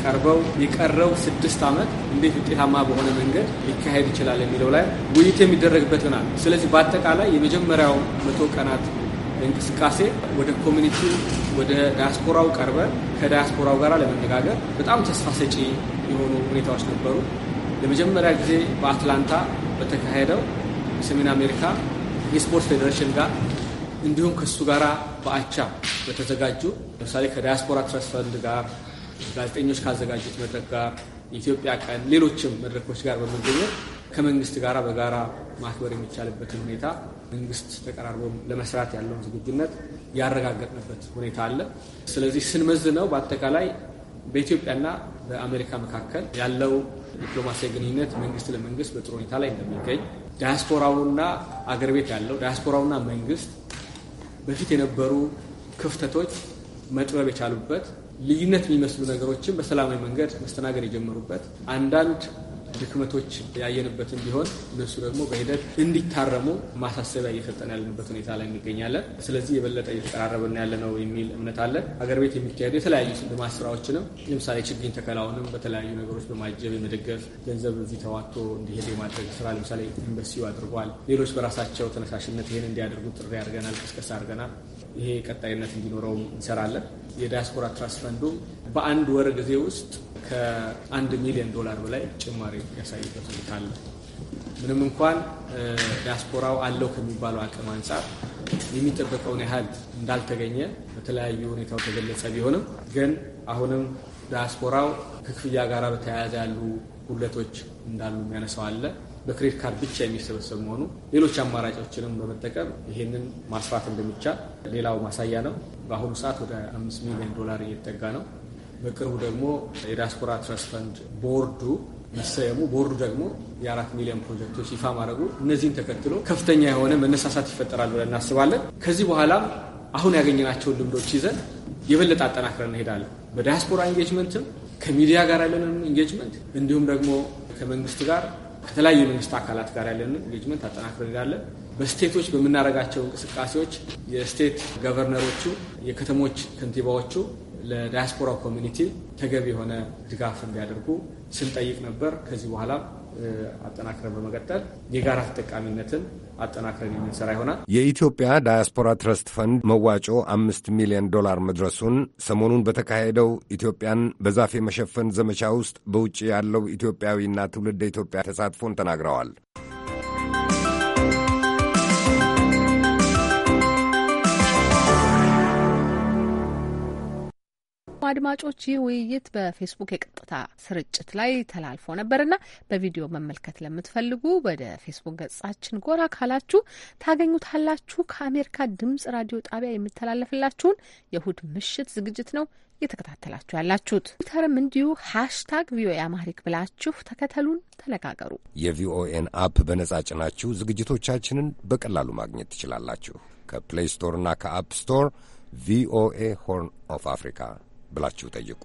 ቀርበው የቀረው ስድስት ዓመት እንዴት ውጤታማ በሆነ መንገድ ሊካሄድ ይችላል የሚለው ላይ ውይይት የሚደረግበት ይሆናል። ስለዚህ በአጠቃላይ የመጀመሪያው መቶ ቀናት እንቅስቃሴ ወደ ኮሚኒቲው ወደ ዳያስፖራው ቀርበ ከዳያስፖራው ጋር ለመነጋገር በጣም ተስፋ ሰጪ የሆኑ ሁኔታዎች ነበሩ። ለመጀመሪያ ጊዜ በአትላንታ በተካሄደው የሰሜን አሜሪካ የስፖርት ፌዴሬሽን ጋር እንዲሁም ከሱ ጋር በአቻ በተዘጋጁ ለምሳሌ ከዳያስፖራ ትረስት ፈንድ ጋር ጋዜጠኞች ካዘጋጁት መድረክ ጋር የኢትዮጵያ ቀን ሌሎችም መድረኮች ጋር በመገኘት ከመንግስት ጋር በጋራ ማክበር የሚቻልበትን ሁኔታ መንግስት ተቀራርቦ ለመስራት ያለውን ዝግጁነት ያረጋገጥንበት ሁኔታ አለ። ስለዚህ ስንመዝነው በአጠቃላይ በኢትዮጵያና በአሜሪካ መካከል ያለው ዲፕሎማሲያዊ ግንኙነት መንግስት ለመንግስት በጥሩ ሁኔታ ላይ እንደሚገኝ ዳያስፖራውና አገር ቤት ያለው ዳያስፖራውና መንግስት በፊት የነበሩ ክፍተቶች መጥበብ የቻሉበት ልዩነት የሚመስሉ ነገሮችን በሰላማዊ መንገድ መስተናገድ የጀመሩበት አንዳንድ ድክመቶች ያየንበትን ቢሆን እነሱ ደግሞ በሂደት እንዲታረሙ ማሳሰቢያ እየሰጠን ያለንበት ሁኔታ ላይ እንገኛለን። ስለዚህ የበለጠ እየተቀራረብን ያለ ነው የሚል እምነት አለን። ሀገር ቤት የሚካሄዱ የተለያዩ ልማት ስራዎችንም ለምሳሌ ችግኝ ተከላውንም በተለያዩ ነገሮች በማጀብ የመደገፍ ገንዘብ እዚህ ተዋቶ እንዲሄድ የማድረግ ስራ ለምሳሌ ኢንቨስቲው አድርጓል። ሌሎች በራሳቸው ተነሳሽነት ይህን እንዲያደርጉ ጥሪ አድርገናል፣ ቅስቀሳ አድርገናል። ይሄ ቀጣይነት እንዲኖረው እንሰራለን። የዲያስፖራ ትራስት ፈንዱ በአንድ ወር ጊዜ ውስጥ ከአንድ ሚሊዮን ዶላር በላይ ጭማሪ ያሳይበት ሁኔታ አለ። ምንም እንኳን ዲያስፖራው አለው ከሚባለው አቅም አንጻር የሚጠበቀውን ያህል እንዳልተገኘ በተለያዩ ሁኔታው ተገለጸ ቢሆንም ግን አሁንም ዲያስፖራው ከክፍያ ጋር በተያያዘ ያሉ ጉለቶች እንዳሉ የሚያነሳው አለ። በክሬዲት ካርድ ብቻ የሚሰበሰብ መሆኑ ሌሎች አማራጮችንም በመጠቀም ይህንን ማስፋት እንደሚቻል ሌላው ማሳያ ነው። በአሁኑ ሰዓት ወደ አምስት ሚሊዮን ዶላር እየተጠጋ ነው። በቅርቡ ደግሞ የዲያስፖራ ትረስት ፈንድ ቦርዱ መሰየሙ ቦርዱ ደግሞ የአራት ሚሊዮን ፕሮጀክቶች ይፋ ማድረጉ እነዚህን ተከትሎ ከፍተኛ የሆነ መነሳሳት ይፈጠራል ብለን እናስባለን። ከዚህ በኋላም አሁን ያገኘናቸውን ልምዶች ይዘን የበለጠ አጠናክረን እንሄዳለን። በዲያስፖራ ኢንጌጅመንትም ከሚዲያ ጋር ያለንን ኢንጌጅመንት እንዲሁም ደግሞ ከመንግስት ጋር ከተለያዩ የመንግስት አካላት ጋር ያለን ኢንጌጅመንት አጠናክረን እንሄዳለን። በስቴቶች በምናደርጋቸው እንቅስቃሴዎች የስቴት ገቨርነሮቹ፣ የከተሞች ከንቲባዎቹ ለዳያስፖራ ኮሚኒቲ ተገቢ የሆነ ድጋፍ እንዲያደርጉ ስንጠይቅ ነበር። ከዚህ በኋላ አጠናክረን በመቀጠል የጋራ ተጠቃሚነትን አጠናክረን የምንሰራ ይሆናል። የኢትዮጵያ ዳያስፖራ ትረስት ፈንድ መዋጮ አምስት ሚሊዮን ዶላር መድረሱን ሰሞኑን በተካሄደው ኢትዮጵያን በዛፍ የመሸፈን ዘመቻ ውስጥ በውጭ ያለው ኢትዮጵያዊና ትውልደ ኢትዮጵያ ተሳትፎን ተናግረዋል። አድማጮች ይህ ውይይት በፌስቡክ የቀጥታ ስርጭት ላይ ተላልፎ ነበርና በቪዲዮ መመልከት ለምትፈልጉ ወደ ፌስቡክ ገጻችን ጎራ ካላችሁ ታገኙታላችሁ። ከአሜሪካ ድምጽ ራዲዮ ጣቢያ የሚተላለፍላችሁን የእሁድ ምሽት ዝግጅት ነው እየተከታተላችሁ ያላችሁት። ትዊተርም እንዲሁ ሃሽታግ ቪኦኤ አማሪክ ብላችሁ ተከተሉን፣ ተነጋገሩ። የቪኦኤን አፕ በነጻ ጭናችሁ ዝግጅቶቻችንን በቀላሉ ማግኘት ትችላላችሁ። ከፕሌይ ስቶርና ከአፕ ስቶር ቪኦኤ ሆርን ኦፍ አፍሪካ ብላችሁ ጠይቁ።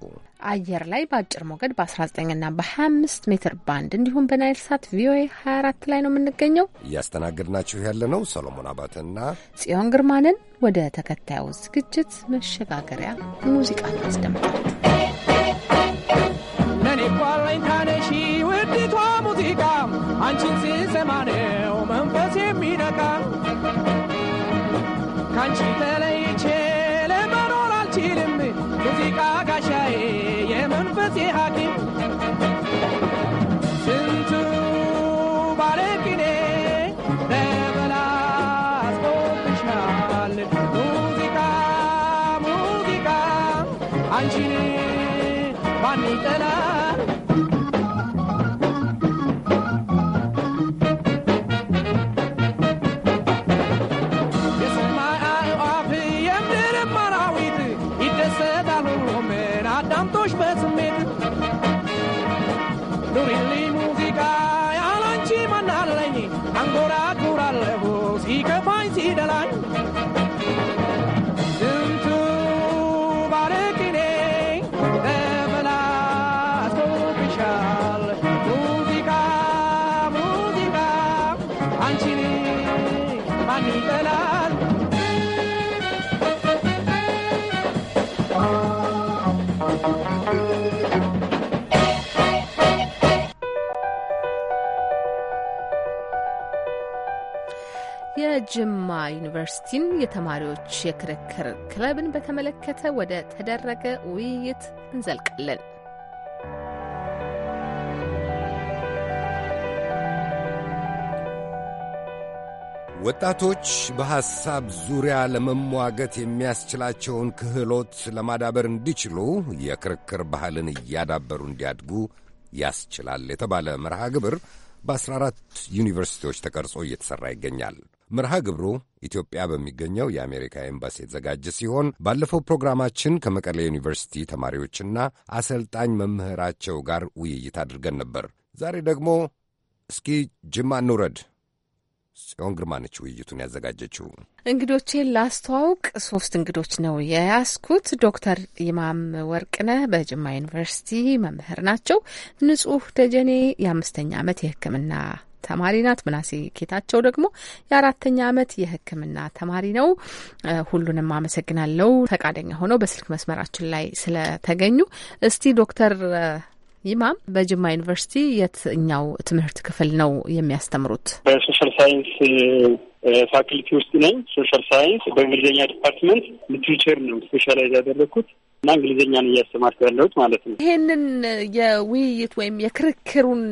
አየር ላይ በአጭር ሞገድ በ19 እና በ25 ሜትር ባንድ እንዲሁም በናይል ሳት ቪኦኤ 24 ላይ ነው የምንገኘው። እያስተናገድናችሁ ያለ ነው ሰሎሞን አባትና ጽዮን ግርማንን። ወደ ተከታዩ ዝግጅት መሸጋገሪያ ሙዚቃ እናስደምጣል። ውዲቷ ሙዚቃ አንቺን ስሰማ ነው መንፈስ የሚነካ mitad. ጅማ ዩኒቨርሲቲን የተማሪዎች የክርክር ክለብን በተመለከተ ወደ ተደረገ ውይይት እንዘልቃለን። ወጣቶች በሐሳብ ዙሪያ ለመሟገት የሚያስችላቸውን ክህሎት ለማዳበር እንዲችሉ የክርክር ባህልን እያዳበሩ እንዲያድጉ ያስችላል የተባለ መርሃ ግብር በ14 ዩኒቨርሲቲዎች ተቀርጾ እየተሠራ ይገኛል። መርሃ ግብሩ ኢትዮጵያ በሚገኘው የአሜሪካ ኤምባሲ የተዘጋጀ ሲሆን ባለፈው ፕሮግራማችን ከመቀሌ ዩኒቨርሲቲ ተማሪዎችና አሰልጣኝ መምህራቸው ጋር ውይይት አድርገን ነበር። ዛሬ ደግሞ እስኪ ጅማ እንውረድ። ጽዮን ነች ውይይቱን ያዘጋጀችው። እንግዶቼን ላስተዋውቅ ሶስት እንግዶች ነው የያስኩት። ዶክተር ኢማም ወርቅነህ በጅማ ዩኒቨርሲቲ መምህር ናቸው። ንጹህ ደጀኔ የአምስተኛ ዓመት የሕክምና ተማሪ ናት። ምናሴ ጌታቸው ደግሞ የአራተኛ አመት የህክምና ተማሪ ነው። ሁሉንም አመሰግናለሁ ፈቃደኛ ሆነው በስልክ መስመራችን ላይ ስለተገኙ። እስቲ ዶክተር ይማም በጅማ ዩኒቨርሲቲ የትኛው ትምህርት ክፍል ነው የሚያስተምሩት? በሶሻል ሳይንስ ፋክልቲ ውስጥ ነኝ። ሶሻል ሳይንስ በእንግሊዝኛ ዲፓርትመንት ሊትሪቸር ነው ስፔሻላይዝ ያደረግኩት እና እንግሊዝኛን እያስተማርኩ ያለሁት ማለት ነው። ይሄንን የውይይት ወይም የክርክሩን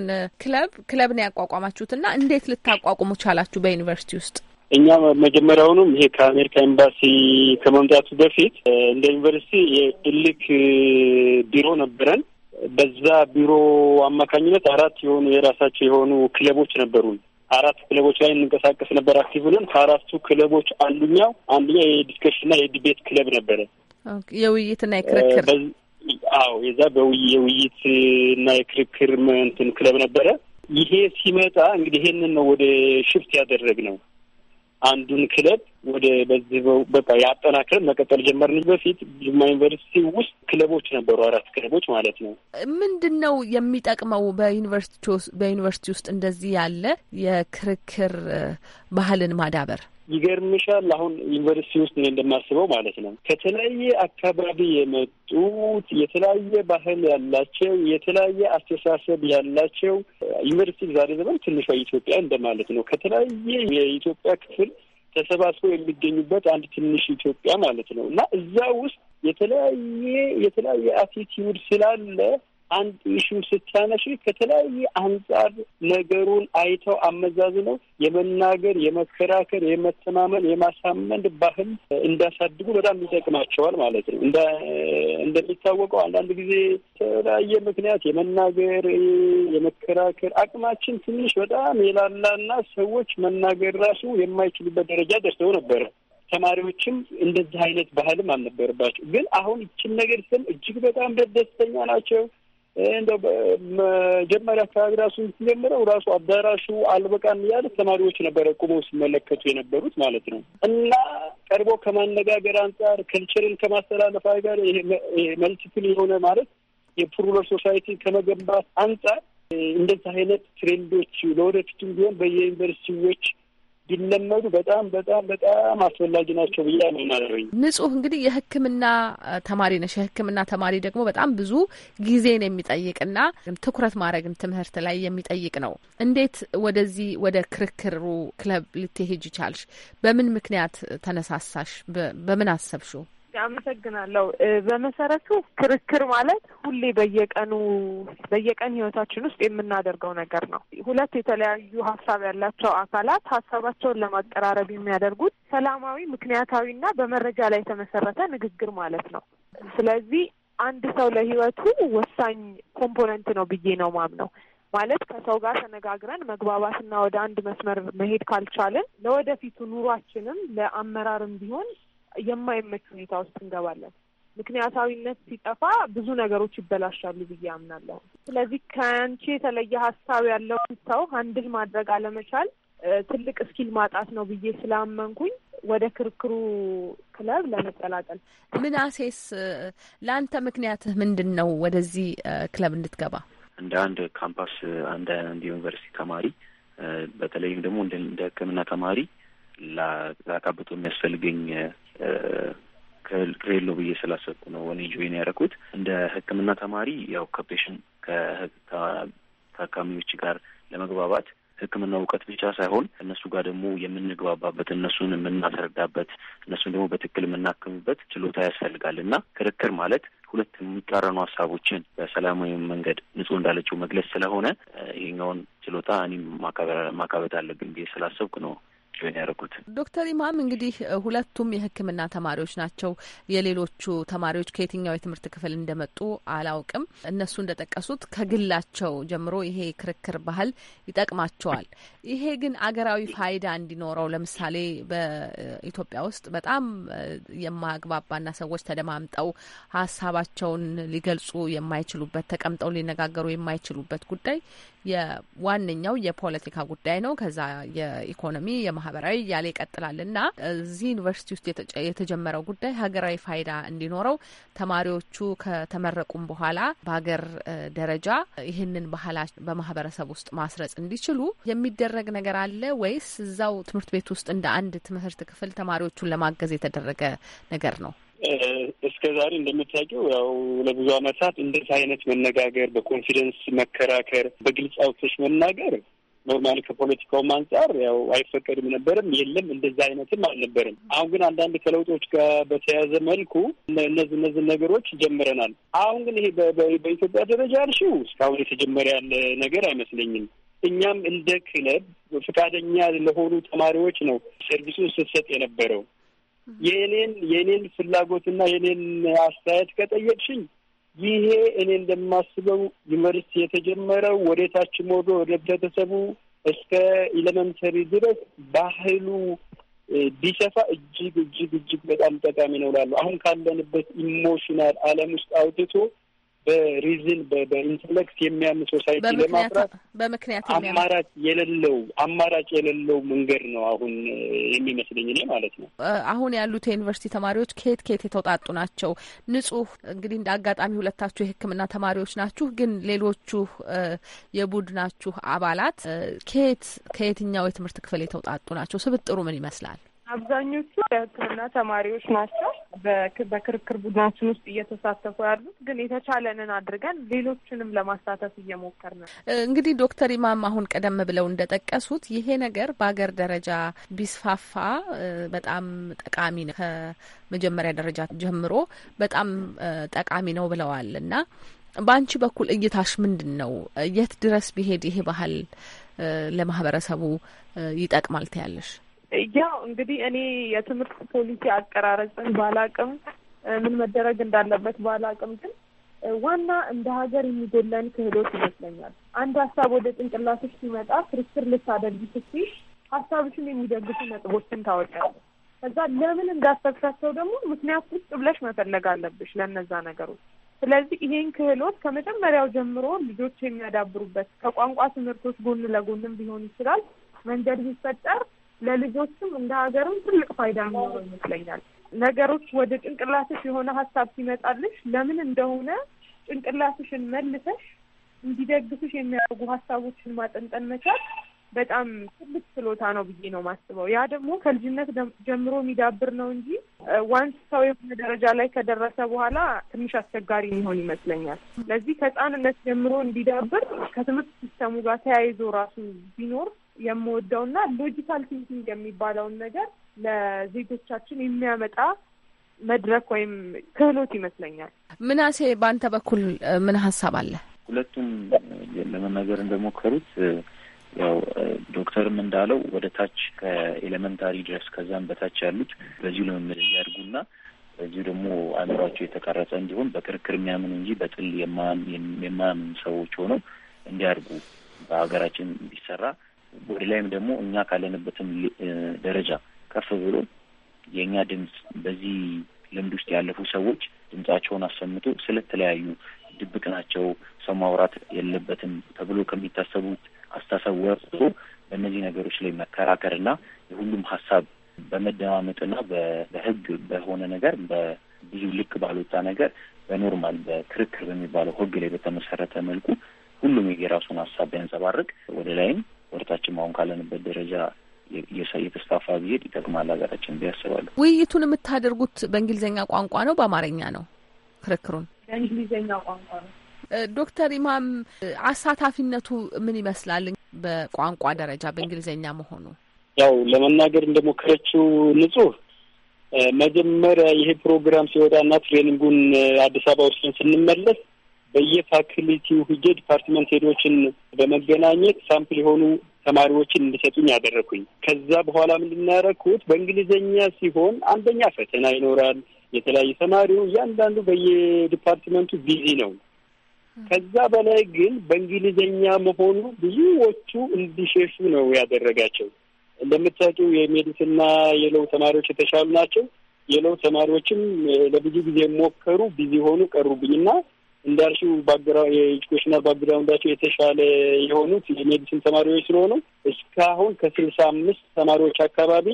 ክለብ ክለብ ነው ያቋቋማችሁት እና እንዴት ልታቋቁሙ ቻላችሁ በዩኒቨርሲቲ ውስጥ? እኛ መጀመሪያውኑም ይሄ ከአሜሪካ ኤምባሲ ከመምጣቱ በፊት እንደ ዩኒቨርሲቲ የትልቅ ቢሮ ነበረን። በዛ ቢሮ አማካኝነት አራት የሆኑ የራሳቸው የሆኑ ክለቦች ነበሩን። አራት ክለቦች ላይ እንንቀሳቀስ ነበር አክቲቭ ነን። ከአራቱ ክለቦች አንዱኛው አንዱኛው የዲስከሽንና የዲቤት ክለብ ነበረ። የውይይትና የክርክር አዎ፣ የዛ የውይይትና የክርክር እንትን ክለብ ነበረ። ይሄ ሲመጣ እንግዲህ ይሄንን ነው ወደ ሽፍት ያደረግ ነው አንዱን ክለብ ወደ በዚህ በቃ ያጠናክረን መቀጠል ጀመርን። በፊት ጅማ ዩኒቨርሲቲ ውስጥ ክለቦች ነበሩ፣ አራት ክለቦች ማለት ነው። ምንድን ነው የሚጠቅመው በዩኒቨርሲቲ ውስጥ እንደዚህ ያለ የክርክር ባህልን ማዳበር? ይገርምሻል አሁን ዩኒቨርሲቲ ውስጥ እኔ እንደማስበው ማለት ነው ከተለያየ አካባቢ የመጡት የተለያየ ባህል ያላቸው የተለያየ አስተሳሰብ ያላቸው ዩኒቨርሲቲ ዛሬ ዘመን ትንሿ ኢትዮጵያ እንደማለት ነው። ከተለያየ የኢትዮጵያ ክፍል ተሰባስበው የሚገኙበት አንድ ትንሽ ኢትዮጵያ ማለት ነው እና እዛ ውስጥ የተለያየ የተለያየ አቲቲዩድ ስላለ አንድ ኢሹም ስታነሽ ከተለያየ አንጻር ነገሩን አይተው አመዛዝነው የመናገር፣ የመከራከር፣ የመተማመን፣ የማሳመን ባህል እንዳሳድጉ በጣም ይጠቅማቸዋል ማለት ነው። እንደሚታወቀው አንዳንድ ጊዜ የተለያየ ምክንያት የመናገር፣ የመከራከር አቅማችን ትንሽ በጣም የላላና ሰዎች መናገር ራሱ የማይችሉበት ደረጃ ደርሰው ነበረ። ተማሪዎችም እንደዚህ አይነት ባህልም አልነበረባቸው። ግን አሁን ይችን ነገር ስም እጅግ በጣም ደስተኛ ናቸው። እንደ መጀመሪያ አካባቢ ራሱ ሲጀምረው ራሱ አዳራሹ አልበቃም እያለ ተማሪዎች ነበረ ቁመው ሲመለከቱ የነበሩት ማለት ነው። እና ቀርቦ ከማነጋገር አንጻር ከልቸርን ከማስተላለፍ ጋር መልቲፕል የሆነ ማለት የፕሩለር ሶሳይቲ ከመገንባት አንጻር እንደዚህ አይነት ትሬንዶች ለወደፊቱም ቢሆን በየዩኒቨርሲቲዎች ቢለመዱ በጣም በጣም በጣም አስፈላጊ ናቸው ብዬ አምናለሁ። ንጹህ እንግዲህ የህክምና ተማሪ ነሽ። የህክምና ተማሪ ደግሞ በጣም ብዙ ጊዜን የሚጠይቅና ትኩረት ማድረግን ትምህርት ላይ የሚጠይቅ ነው። እንዴት ወደዚህ ወደ ክርክሩ ክለብ ልትሄጅ ይቻልሽ? በምን ምክንያት ተነሳሳሽ? በምን አሰብሽው? አመሰግናለሁ። በመሰረቱ ክርክር ማለት ሁሌ በየቀኑ በየቀን ህይወታችን ውስጥ የምናደርገው ነገር ነው። ሁለት የተለያዩ ሀሳብ ያላቸው አካላት ሀሳባቸውን ለማቀራረብ የሚያደርጉት ሰላማዊ፣ ምክንያታዊና በመረጃ ላይ የተመሰረተ ንግግር ማለት ነው። ስለዚህ አንድ ሰው ለህይወቱ ወሳኝ ኮምፖነንት ነው ብዬ ነው ማምነው። ማለት ከሰው ጋር ተነጋግረን መግባባትና ወደ አንድ መስመር መሄድ ካልቻልን ለወደፊቱ ኑሯችንም ለአመራርም ቢሆን የማይመች ሁኔታ ውስጥ እንገባለን። ምክንያታዊነት ሲጠፋ ብዙ ነገሮች ይበላሻሉ ብዬ አምናለሁ። ስለዚህ ከአንቺ የተለየ ሀሳብ ያለውን ሰው አንድል ማድረግ አለመቻል ትልቅ እስኪል ማጣት ነው ብዬ ስላመንኩኝ ወደ ክርክሩ ክለብ ለመቀላቀል። ምናሴስ ለአንተ ምክንያትህ ምንድን ነው ወደዚህ ክለብ እንድትገባ? እንደ አንድ ካምፓስ እንደ አንድ ዩኒቨርሲቲ ተማሪ በተለይም ደግሞ እንደ ሕክምና ተማሪ ላካብቶ የሚያስፈልገኝ ክሬል ብዬ ስላሰብኩ ነው ወኔ ጆይን ያደረኩት። እንደ ህክምና ተማሪ ያው ከፔሽን ከታካሚዎች ጋር ለመግባባት ህክምና እውቀት ብቻ ሳይሆን እነሱ ጋር ደግሞ የምንግባባበት እነሱን የምናስረዳበት እነሱን ደግሞ በትክክል የምናክምበት ችሎታ ያስፈልጋል እና ክርክር ማለት ሁለት የሚቃረኑ ሀሳቦችን በሰላማዊ መንገድ ንጹህ እንዳለችው መግለጽ ስለሆነ ይሄኛውን ችሎታ እኔም ማካበት አለብኝ ብዬ ስላሰብኩ ነው ጆይን ያደረጉት። ዶክተር ኢማም እንግዲህ ሁለቱም የህክምና ተማሪዎች ናቸው። የሌሎቹ ተማሪዎች ከየትኛው የትምህርት ክፍል እንደመጡ አላውቅም። እነሱ እንደጠቀሱት ከግላቸው ጀምሮ ይሄ ክርክር ባህል ይጠቅማቸዋል። ይሄ ግን አገራዊ ፋይዳ እንዲኖረው ለምሳሌ በኢትዮጵያ ውስጥ በጣም የማግባባና ሰዎች ተደማምጠው ሀሳባቸውን ሊገልጹ የማይችሉበት ተቀምጠው ሊነጋገሩ የማይችሉበት ጉዳይ የዋነኛው የፖለቲካ ጉዳይ ነው። ከዛ የኢኮኖሚ፣ የማህበራዊ እያለ ይቀጥላል እና እዚህ ዩኒቨርሲቲ ውስጥ የተጀመረው ጉዳይ ሀገራዊ ፋይዳ እንዲኖረው ተማሪዎቹ ከተመረቁም በኋላ በሀገር ደረጃ ይህንን ባህላ በማህበረሰብ ውስጥ ማስረጽ እንዲችሉ የሚደረ የሚደረግ ነገር አለ ወይስ እዛው ትምህርት ቤት ውስጥ እንደ አንድ ትምህርት ክፍል ተማሪዎቹን ለማገዝ የተደረገ ነገር ነው? እስከ ዛሬ እንደምታውቂው ያው ለብዙ ዓመታት እንደዚህ አይነት መነጋገር፣ በኮንፊደንስ መከራከር፣ በግልጽ አውቶች መናገር ኖርማሊ ከፖለቲካውም አንጻር ያው አይፈቀድም ነበርም የለም እንደዛ አይነትም አልነበርም። አሁን ግን አንዳንድ ከለውጦች ጋር በተያያዘ መልኩ እነዚህ እነዚህ ነገሮች ጀምረናል። አሁን ግን ይሄ በኢትዮጵያ ደረጃ አልሽው እስካሁን የተጀመረ ያለ ነገር አይመስለኝም። እኛም እንደ ክለብ ፈቃደኛ ለሆኑ ተማሪዎች ነው ሰርቪሱን ስትሰጥ የነበረው። የእኔን የእኔን ፍላጎትና የእኔን አስተያየት ከጠየቅሽኝ ይሄ እኔ እንደማስበው ዩኒቨርሲቲ የተጀመረው ወደታች ሞዶ ወደ ህብረተሰቡ እስከ ኢለመንተሪ ድረስ ባህሉ ቢሰፋ እጅግ እጅግ እጅግ በጣም ጠቃሚ ነው እላለሁ። አሁን ካለንበት ኢሞሽናል ዓለም ውስጥ አውጥቶ በሪዝን በኢንተሌክት የሚያምን ሶሳይቲ ለማፍራት በምክንያት አማራጭ የሌለው አማራጭ የሌለው መንገድ ነው አሁን የሚመስለኝ እኔ ማለት ነው። አሁን ያሉት የዩኒቨርሲቲ ተማሪዎች ከየት ከየት የተውጣጡ ናቸው? ንጹህ እንግዲህ እንደ አጋጣሚ ሁለታችሁ የሕክምና ተማሪዎች ናችሁ፣ ግን ሌሎቹ የቡድናችሁ አባላት ከየት ከየትኛው የትምህርት ክፍል የተውጣጡ ናቸው? ስብጥሩ ምን ይመስላል? አብዛኞቹ የሕክምና ተማሪዎች ናቸው በክርክር ቡድናችን ውስጥ እየተሳተፉ ያሉት። ግን የተቻለንን አድርገን ሌሎችንም ለማሳተፍ እየሞከር ነው። እንግዲህ ዶክተር ኢማም አሁን ቀደም ብለው እንደጠቀሱት ይሄ ነገር በሀገር ደረጃ ቢስፋፋ በጣም ጠቃሚ ነው፣ ከመጀመሪያ ደረጃ ጀምሮ በጣም ጠቃሚ ነው ብለዋል እና በአንቺ በኩል እይታሽ ምንድን ነው? የት ድረስ ቢሄድ ይሄ ባህል ለማህበረሰቡ ይጠቅማል ትያለሽ? ያው እንግዲህ እኔ የትምህርት ፖሊሲ አቀራረጽን ባላቅም ምን መደረግ እንዳለበት ባላቅም፣ ግን ዋና እንደ ሀገር የሚጎለን ክህሎት ይመስለኛል። አንድ ሀሳብ ወደ ጭንቅላቶች ሲመጣ ክርክር ልታደርጊ ስትይ ሀሳብሽን የሚደግፉ ነጥቦችን ታወጫለሽ። ከዛ ለምን እንዳሰብሻቸው ደግሞ ምክንያት ውስጥ ብለሽ መፈለግ አለብሽ ለእነዛ ነገሮች። ስለዚህ ይሄን ክህሎት ከመጀመሪያው ጀምሮ ልጆች የሚያዳብሩበት ከቋንቋ ትምህርቶች ጎን ለጎንም ቢሆን ይችላል መንገድ ቢፈጠር ለልጆችም እንደ ሀገርም ትልቅ ፋይዳ የሚኖረው ይመስለኛል። ነገሮች ወደ ጭንቅላትሽ የሆነ ሀሳብ ሲመጣልሽ ለምን እንደሆነ ጭንቅላትሽን መልሰሽ እንዲደግፍሽ የሚያደርጉ ሀሳቦችን ማጠንጠን መቻል በጣም ትልቅ ችሎታ ነው ብዬ ነው ማስበው። ያ ደግሞ ከልጅነት ጀምሮ የሚዳብር ነው እንጂ ዋንስ ሰው የሆነ ደረጃ ላይ ከደረሰ በኋላ ትንሽ አስቸጋሪ ሊሆን ይመስለኛል። ስለዚህ ከህፃንነት ጀምሮ እንዲዳብር ከትምህርት ሲስተሙ ጋር ተያይዞ ራሱ ቢኖር የምወደውና ሎጂካል ቲንኪንግ የሚባለውን ነገር ለዜጎቻችን የሚያመጣ መድረክ ወይም ክህሎት ይመስለኛል። ምናሴ፣ በአንተ በኩል ምን ሀሳብ አለ? ሁለቱም ለመናገር እንደሞከሩት ያው ዶክተርም እንዳለው ወደ ታች ከኤሌመንታሪ ድረስ ከዛም በታች ያሉት በዚሁ ልምምድ እንዲያድጉና በዚሁ ደግሞ አእምሯቸው የተቀረጸ እንዲሆን በክርክር የሚያምን እንጂ በጥል የማያምን ሰዎች ሆነው እንዲያድጉ በሀገራችን ቢሰራ ወደ ላይም ደግሞ እኛ ካለንበትም ደረጃ ከፍ ብሎ የእኛ ድምፅ በዚህ ልምድ ውስጥ ያለፉ ሰዎች ድምጻቸውን አሰምቶ ስለተለያዩ ድብቅ ናቸው ሰው ማውራት የለበትም ተብሎ ከሚታሰቡት አስተሳሰብ ወርጦ በእነዚህ ነገሮች ላይ መከራከር መከራከርና የሁሉም ሀሳብ በመደማመጥና በህግ በሆነ ነገር በብዙ ልክ ባልወጣ ነገር በኖርማል በክርክር በሚባለው ህግ ላይ በተመሰረተ መልኩ ሁሉም የራሱን ሀሳብ ቢያንጸባርቅ ወደ ላይም ወርታችን አሁን ካለንበት ደረጃ የተስፋፋ ብሄድ ይጠቅማል ሀገራችን ቢያስባሉ። ውይይቱን የምታደርጉት በእንግሊዝኛ ቋንቋ ነው በአማርኛ ነው? ክርክሩን በእንግሊዝኛ ቋንቋ ነው። ዶክተር ኢማም አሳታፊነቱ ምን ይመስላል? በቋንቋ ደረጃ በእንግሊዝኛ መሆኑ ያው ለመናገር እንደሞከረችው ንጹህ መጀመሪያ ይሄ ፕሮግራም እና ትሬኒንጉን አዲስ አበባ ውስጥን ስንመለስ በየፋክልቲው ሄጄ ዲፓርትመንት ሄዶችን በመገናኘት ሳምፕል የሆኑ ተማሪዎችን እንዲሰጡኝ ያደረኩኝ። ከዛ በኋላ ምንድን በእንግሊዘኛ በእንግሊዝኛ ሲሆን አንደኛ ፈተና ይኖራል። የተለያዩ ተማሪው እያንዳንዱ በየዲፓርትመንቱ ቢዚ ነው። ከዛ በላይ ግን በእንግሊዝኛ መሆኑ ብዙዎቹ እንዲሸሹ ነው ያደረጋቸው። እንደምታውቂው የሜዲስና የለው ተማሪዎች የተሻሉ ናቸው። የለው ተማሪዎችም ለብዙ ጊዜ ሞከሩ፣ ቢዚ ሆኑ፣ ቀሩብኝና እንዳልሽው የኤጁኬሽናል ባግራውንዳቸው የተሻለ የሆኑት የሜዲሲን ተማሪዎች ስለሆኑ እስካሁን ከስልሳ አምስት ተማሪዎች አካባቢ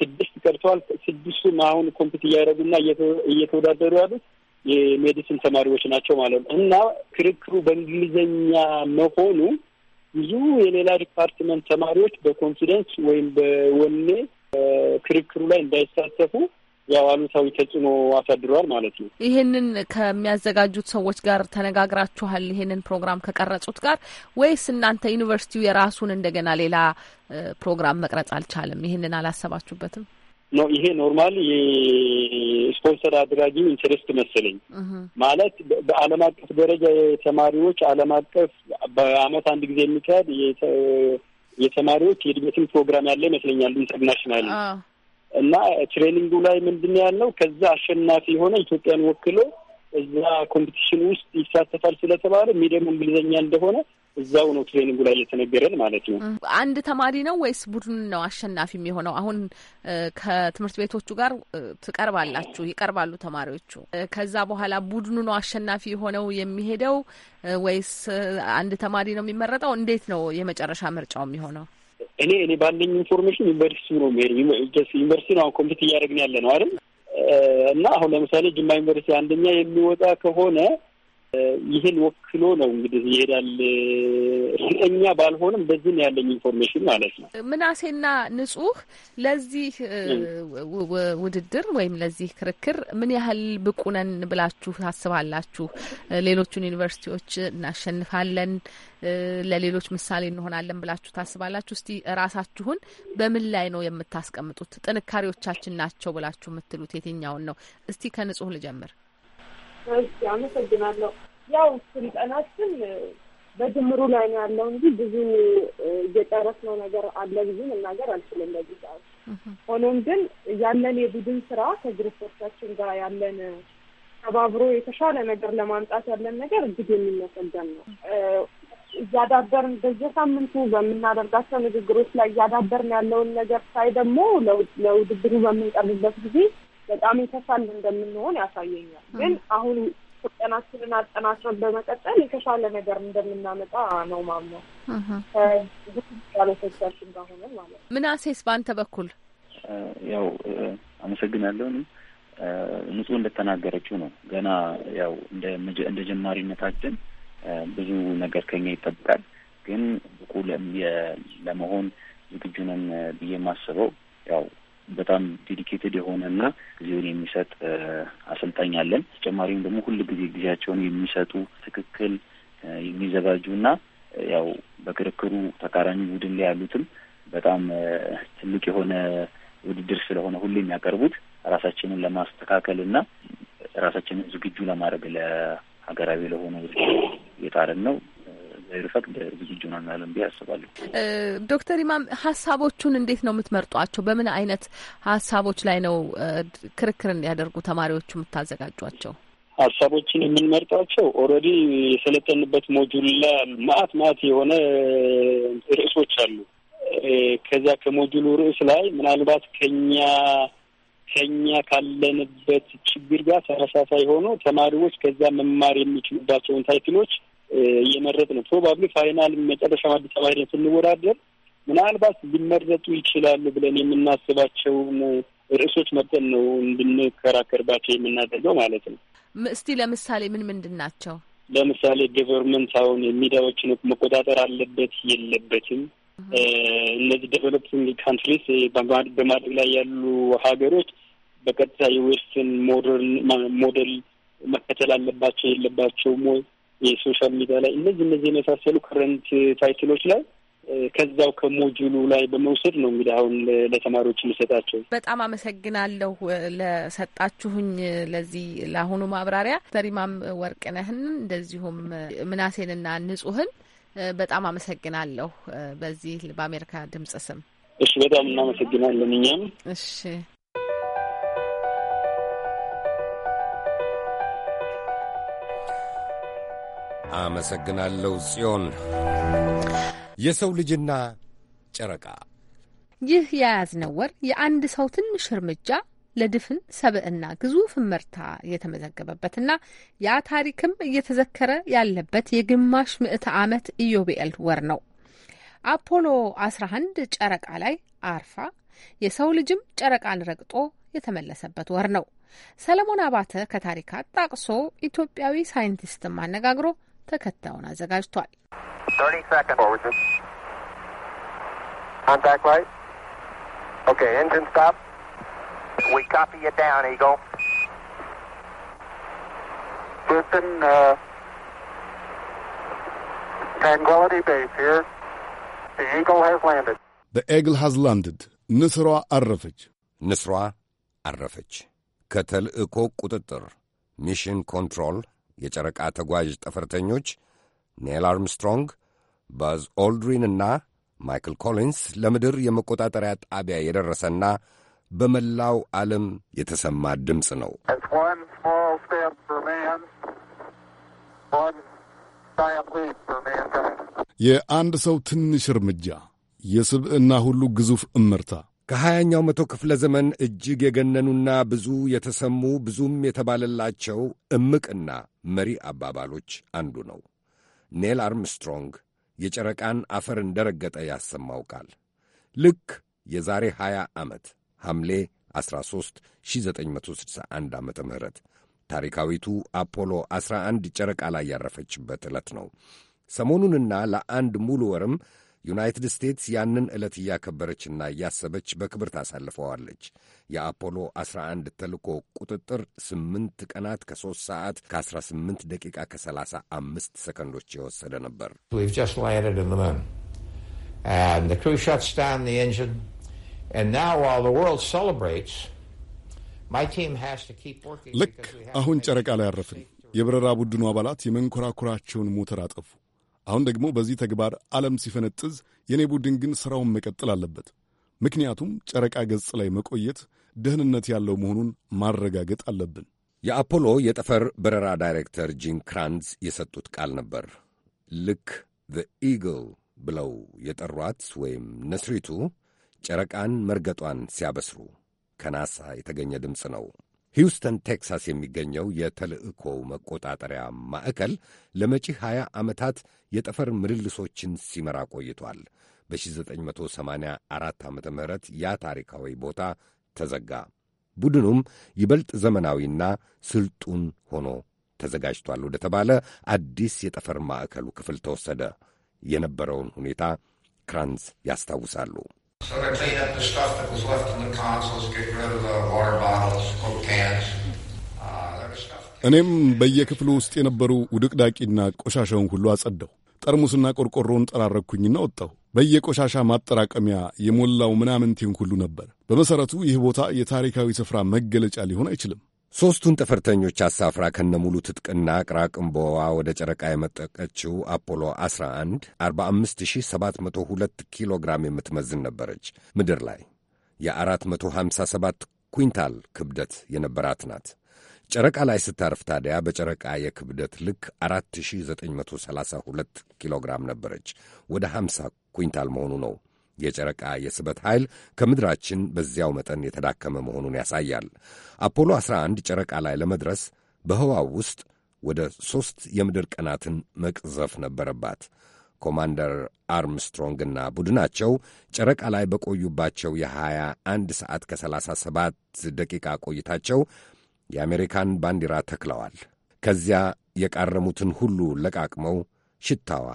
ስድስት ቀርተዋል። ስድስቱም አሁን ኮምፒት እያደረጉና እየተወዳደሩ ያሉት የሜዲሲን ተማሪዎች ናቸው ማለት ነው እና ክርክሩ በእንግሊዝኛ መሆኑ ብዙ የሌላ ዲፓርትመንት ተማሪዎች በኮንፊደንስ ወይም በወኔ ክርክሩ ላይ እንዳይሳተፉ ያው አሉታዊ ተጽዕኖ አሳድሯል ማለት ነው። ይህንን ከሚያዘጋጁት ሰዎች ጋር ተነጋግራችኋል? ይህንን ፕሮግራም ከቀረጹት ጋር ወይስ እናንተ ዩኒቨርሲቲው የራሱን እንደገና ሌላ ፕሮግራም መቅረጽ አልቻለም? ይህንን አላሰባችሁበትም? ኖ ይሄ ኖርማል የስፖንሰር አድራጊ ኢንትረስት መሰለኝ። ማለት በዓለም አቀፍ ደረጃ የተማሪዎች ዓለም አቀፍ በዓመት አንድ ጊዜ የሚካሄድ የተማሪዎች የእድገትን ፕሮግራም ያለ ይመስለኛል ኢንተርናሽናል እና ትሬኒንጉ ላይ ምንድን ያለው? ከዛ አሸናፊ የሆነ ኢትዮጵያን ወክሎ እዛ ኮምፒቲሽን ውስጥ ይሳተፋል ስለተባለ ሚዲየም እንግሊዝኛ እንደሆነ እዛው ነው ትሬኒንጉ ላይ እየተነገረን ማለት ነው። አንድ ተማሪ ነው ወይስ ቡድን ነው አሸናፊ የሚሆነው? አሁን ከትምህርት ቤቶቹ ጋር ትቀርባላችሁ፣ ይቀርባሉ ተማሪዎቹ። ከዛ በኋላ ቡድኑ ነው አሸናፊ የሆነው የሚሄደው ወይስ አንድ ተማሪ ነው የሚመረጠው? እንዴት ነው የመጨረሻ ምርጫው የሚሆነው? እኔ እኔ ባለኝ ኢንፎርሜሽን ዩኒቨርሲቲ ነው ዩኒቨርሲቲ ነው አሁን ኮምፒት እያደረግን ያለ ነው አይደል እና አሁን ለምሳሌ ጅማ ዩኒቨርሲቲ አንደኛ የሚወጣ ከሆነ ይህን ወክሎ ነው እንግዲህ ይሄዳል። እርግጠኛ ባልሆንም በዚህ ያለኝ ኢንፎርሜሽን ማለት ነው። ምናሴና ንጹህ ለዚህ ውድድር ወይም ለዚህ ክርክር ምን ያህል ብቁ ነን ብላችሁ ታስባላችሁ? ሌሎቹን ዩኒቨርሲቲዎች እናሸንፋለን፣ ለሌሎች ምሳሌ እንሆናለን ብላችሁ ታስባላችሁ? እስቲ ራሳችሁን በምን ላይ ነው የምታስቀምጡት? ጥንካሬዎቻችን ናቸው ብላችሁ የምትሉት የትኛውን ነው? እስቲ ከንጹህ ልጀምር። እሺ አመሰግናለሁ። ያው ስልጠናችን በድምሩ ላይ ነው ያለው እንጂ ብዙ እየጨረስነው ነገር አለ ብዙ መናገር አልችልም በዚህ ሰዓት። ሆኖም ግን ያለን የቡድን ስራ ከግሩፖቻችን ጋር ያለን ተባብሮ የተሻለ ነገር ለማምጣት ያለን ነገር እጅግ የሚመሰገን ነው። እያዳበርን በየሳምንቱ በምናደርጋቸው ንግግሮች ላይ እያዳበርን ያለውን ነገር ሳይ ደግሞ ለውድድሩ በምንቀርብበት ጊዜ በጣም የተሻለ እንደምንሆን ያሳየኛል። ግን አሁን ስልጠናችንን አጠናክረን በመቀጠል የተሻለ ነገር እንደምናመጣ ነው ማምነው ከሎቶቻችን ጋር ማለት ነው። ምናሴስ በአንተ በኩል ያው አመሰግናለሁ። ንጹህ እንደተናገረችው ነው ገና ያው እንደ ጀማሪነታችን ብዙ ነገር ከኛ ይጠብቃል። ግን ብቁ ለመሆን ዝግጁ ነን ብዬ የማስበው ያው በጣም ዴዲኬትድ የሆነ እና ጊዜውን የሚሰጥ አሰልጣኝ አለን። ተጨማሪም ደግሞ ሁል ጊዜ ጊዜያቸውን የሚሰጡ ትክክል የሚዘጋጁ እና ያው በክርክሩ ተቃራኒ ቡድን ላይ ያሉትም በጣም ትልቅ የሆነ ውድድር ስለሆነ ሁሉ የሚያቀርቡት ራሳችንን ለማስተካከል እና ራሳችንን ዝግጁ ለማድረግ ለሀገራዊ ለሆነ የጣረን ነው። ይርፈቅድ ብዙ እጁን አናለን ብዬ አስባለሁ። ዶክተር ኢማም ሀሳቦቹን እንዴት ነው የምትመርጧቸው? በምን አይነት ሀሳቦች ላይ ነው ክርክር እንዲያደርጉ ተማሪዎቹ የምታዘጋጇቸው? ሀሳቦችን የምንመርጣቸው ኦልሬዲ የሰለጠንበት ሞጁል ላይ ማአት ማአት የሆነ ርዕሶች አሉ። ከዚያ ከሞጁሉ ርዕስ ላይ ምናልባት ከኛ ከኛ ካለንበት ችግር ጋር ተመሳሳይ ሆኖ ተማሪዎች ከዚያ መማር የሚችሉባቸውን ታይትሎች እየመረጥ ነው። ፕሮባብሊ ፋይናል መጨረሻ አዲስ አበባ ሄደን ስንወዳደር ምናልባት ሊመረጡ ይችላሉ ብለን የምናስባቸውን ርዕሶች መጠን ነው እንድንከራከርባቸው የምናደርገው ማለት ነው። እስቲ ለምሳሌ ምን ምንድን ናቸው? ለምሳሌ ገቨርንመንት አሁን ሚዲያዎችን መቆጣጠር አለበት የለበትም? እነዚህ ዴቨሎፒንግ ካንትሪስ በማድረግ ላይ ያሉ ሀገሮች በቀጥታ የዌስትን ሞዴል መከተል አለባቸው የለባቸውም ወይ የሶሻል ሚዲያ ላይ እነዚህ እነዚህ የመሳሰሉ ክረንት ታይትሎች ላይ ከዛው ከሞጁሉ ላይ በመውሰድ ነው እንግዲህ አሁን ለተማሪዎች የሚሰጣቸው። በጣም አመሰግናለሁ ለሰጣችሁኝ ለዚህ ለአሁኑ ማብራሪያ ተሪማም ወርቅነህን እንደዚሁም ምናሴንና ንጹህን በጣም አመሰግናለሁ በዚህ በአሜሪካ ድምጽ ስም። እሺ፣ በጣም እናመሰግናለን እኛም። እሺ። አመሰግናለሁ ጽዮን። የሰው ልጅና ጨረቃ ይህ የያዝነው ወር የአንድ ሰው ትንሽ እርምጃ ለድፍን ሰብዕና ግዙፍ እመርታ የተመዘገበበትና ያ ታሪክም እየተዘከረ ያለበት የግማሽ ምዕተ ዓመት ኢዮቤኤል ወር ነው። አፖሎ 11 ጨረቃ ላይ አርፋ የሰው ልጅም ጨረቃን ረግጦ የተመለሰበት ወር ነው። ሰለሞን አባተ ከታሪካት ጣቅሶ ኢትዮጵያዊ ሳይንቲስትም አነጋግሮ ተከታዩን አዘጋጅቷል። ኤግል ሃዝ ላንድድ። ንስሯ አረፈች። ንስሯ አረፈች። ከተልእኮ ቁጥጥር ሚሽን ኮንትሮል የጨረቃ ተጓዥ ጠፈርተኞች ኔል አርምስትሮንግ፣ ባዝ ኦልድሪን እና ማይክል ኮሊንስ ለምድር የመቆጣጠሪያ ጣቢያ የደረሰና በመላው ዓለም የተሰማ ድምፅ ነው። የአንድ ሰው ትንሽ እርምጃ የስብዕና ሁሉ ግዙፍ እምርታ ከሀያኛው መቶ ክፍለ ዘመን እጅግ የገነኑና ብዙ የተሰሙ ብዙም የተባለላቸው እምቅና መሪ አባባሎች አንዱ ነው። ኔል አርምስትሮንግ የጨረቃን አፈር እንደረገጠ ያሰማው ቃል ልክ የዛሬ 20 ዓመት ሐምሌ 13 1961 ዓ ም ታሪካዊቱ አፖሎ 11 ጨረቃ ላይ ያረፈችበት ዕለት ነው። ሰሞኑንና ለአንድ ሙሉ ወርም ዩናይትድ ስቴትስ ያንን ዕለት እያከበረችና እያሰበች በክብር ታሳልፈዋለች። የአፖሎ 11 ተልኮ ቁጥጥር 8 ቀናት ከ3 ሰዓት ከ18 ደቂቃ ከ35 ሰከንዶች የወሰደ ነበር። ልክ አሁን ጨረቃ ላይ ያረፍን። የበረራ ቡድኑ አባላት የመንኮራኩራቸውን ሞተር አጠፉ። አሁን ደግሞ በዚህ ተግባር ዓለም ሲፈነጥዝ የእኔ ቡድን ግን ሥራውን መቀጠል አለበት። ምክንያቱም ጨረቃ ገጽ ላይ መቆየት ደህንነት ያለው መሆኑን ማረጋገጥ አለብን። የአፖሎ የጠፈር በረራ ዳይሬክተር ጂም ክራንዝ የሰጡት ቃል ነበር። ልክ ዘ ኢግል ብለው የጠሯት ወይም ነስሪቱ ጨረቃን መርገጧን ሲያበስሩ ከናሳ የተገኘ ድምፅ ነው። ሂውስተን ቴክሳስ የሚገኘው የተልእኮ መቆጣጠሪያ ማዕከል ለመጪ 20 ዓመታት የጠፈር ምልልሶችን ሲመራ ቆይቷል። በ1984 ዓ ም ያ ታሪካዊ ቦታ ተዘጋ። ቡድኑም ይበልጥ ዘመናዊና ስልጡን ሆኖ ተዘጋጅቷል ወደ ተባለ አዲስ የጠፈር ማዕከሉ ክፍል ተወሰደ። የነበረውን ሁኔታ ክራንዝ ያስታውሳሉ። So they clean up the stuff that was left in the consoles, get rid of the water bottles, Coke cans. Uh, እኔም በየክፍሉ ውስጥ የነበሩ ውድቅዳቂና ቆሻሻውን ሁሉ አጸደው ጠርሙስና ቆርቆሮውን ጠራረግኩኝና ወጣሁ። በየቆሻሻ ማጠራቀሚያ የሞላው ምናምንቴን ሁሉ ነበር። በመሠረቱ ይህ ቦታ የታሪካዊ ስፍራ መገለጫ ሊሆን አይችልም። ሦስቱን ጠፈርተኞች አሳፍራ ከነሙሉ ትጥቅና ቅራቅንቦዋ ወደ ጨረቃ የመጠቀችው አፖሎ 11 45702 ኪሎ ግራም የምትመዝን ነበረች። ምድር ላይ የ457 ኩንታል ክብደት የነበራት ናት። ጨረቃ ላይ ስታርፍ ታዲያ በጨረቃ የክብደት ልክ 4932 ኪሎ ግራም ነበረች። ወደ 50 ኩንታል መሆኑ ነው። የጨረቃ የስበት ኃይል ከምድራችን በዚያው መጠን የተዳከመ መሆኑን ያሳያል። አፖሎ 11 ጨረቃ ላይ ለመድረስ በህዋው ውስጥ ወደ ሦስት የምድር ቀናትን መቅዘፍ ነበረባት። ኮማንደር አርምስትሮንግና ቡድናቸው ጨረቃ ላይ በቆዩባቸው የ21 ሰዓት ከ37 ደቂቃ ቆይታቸው የአሜሪካን ባንዲራ ተክለዋል። ከዚያ የቃረሙትን ሁሉ ለቃቅመው ሽታዋ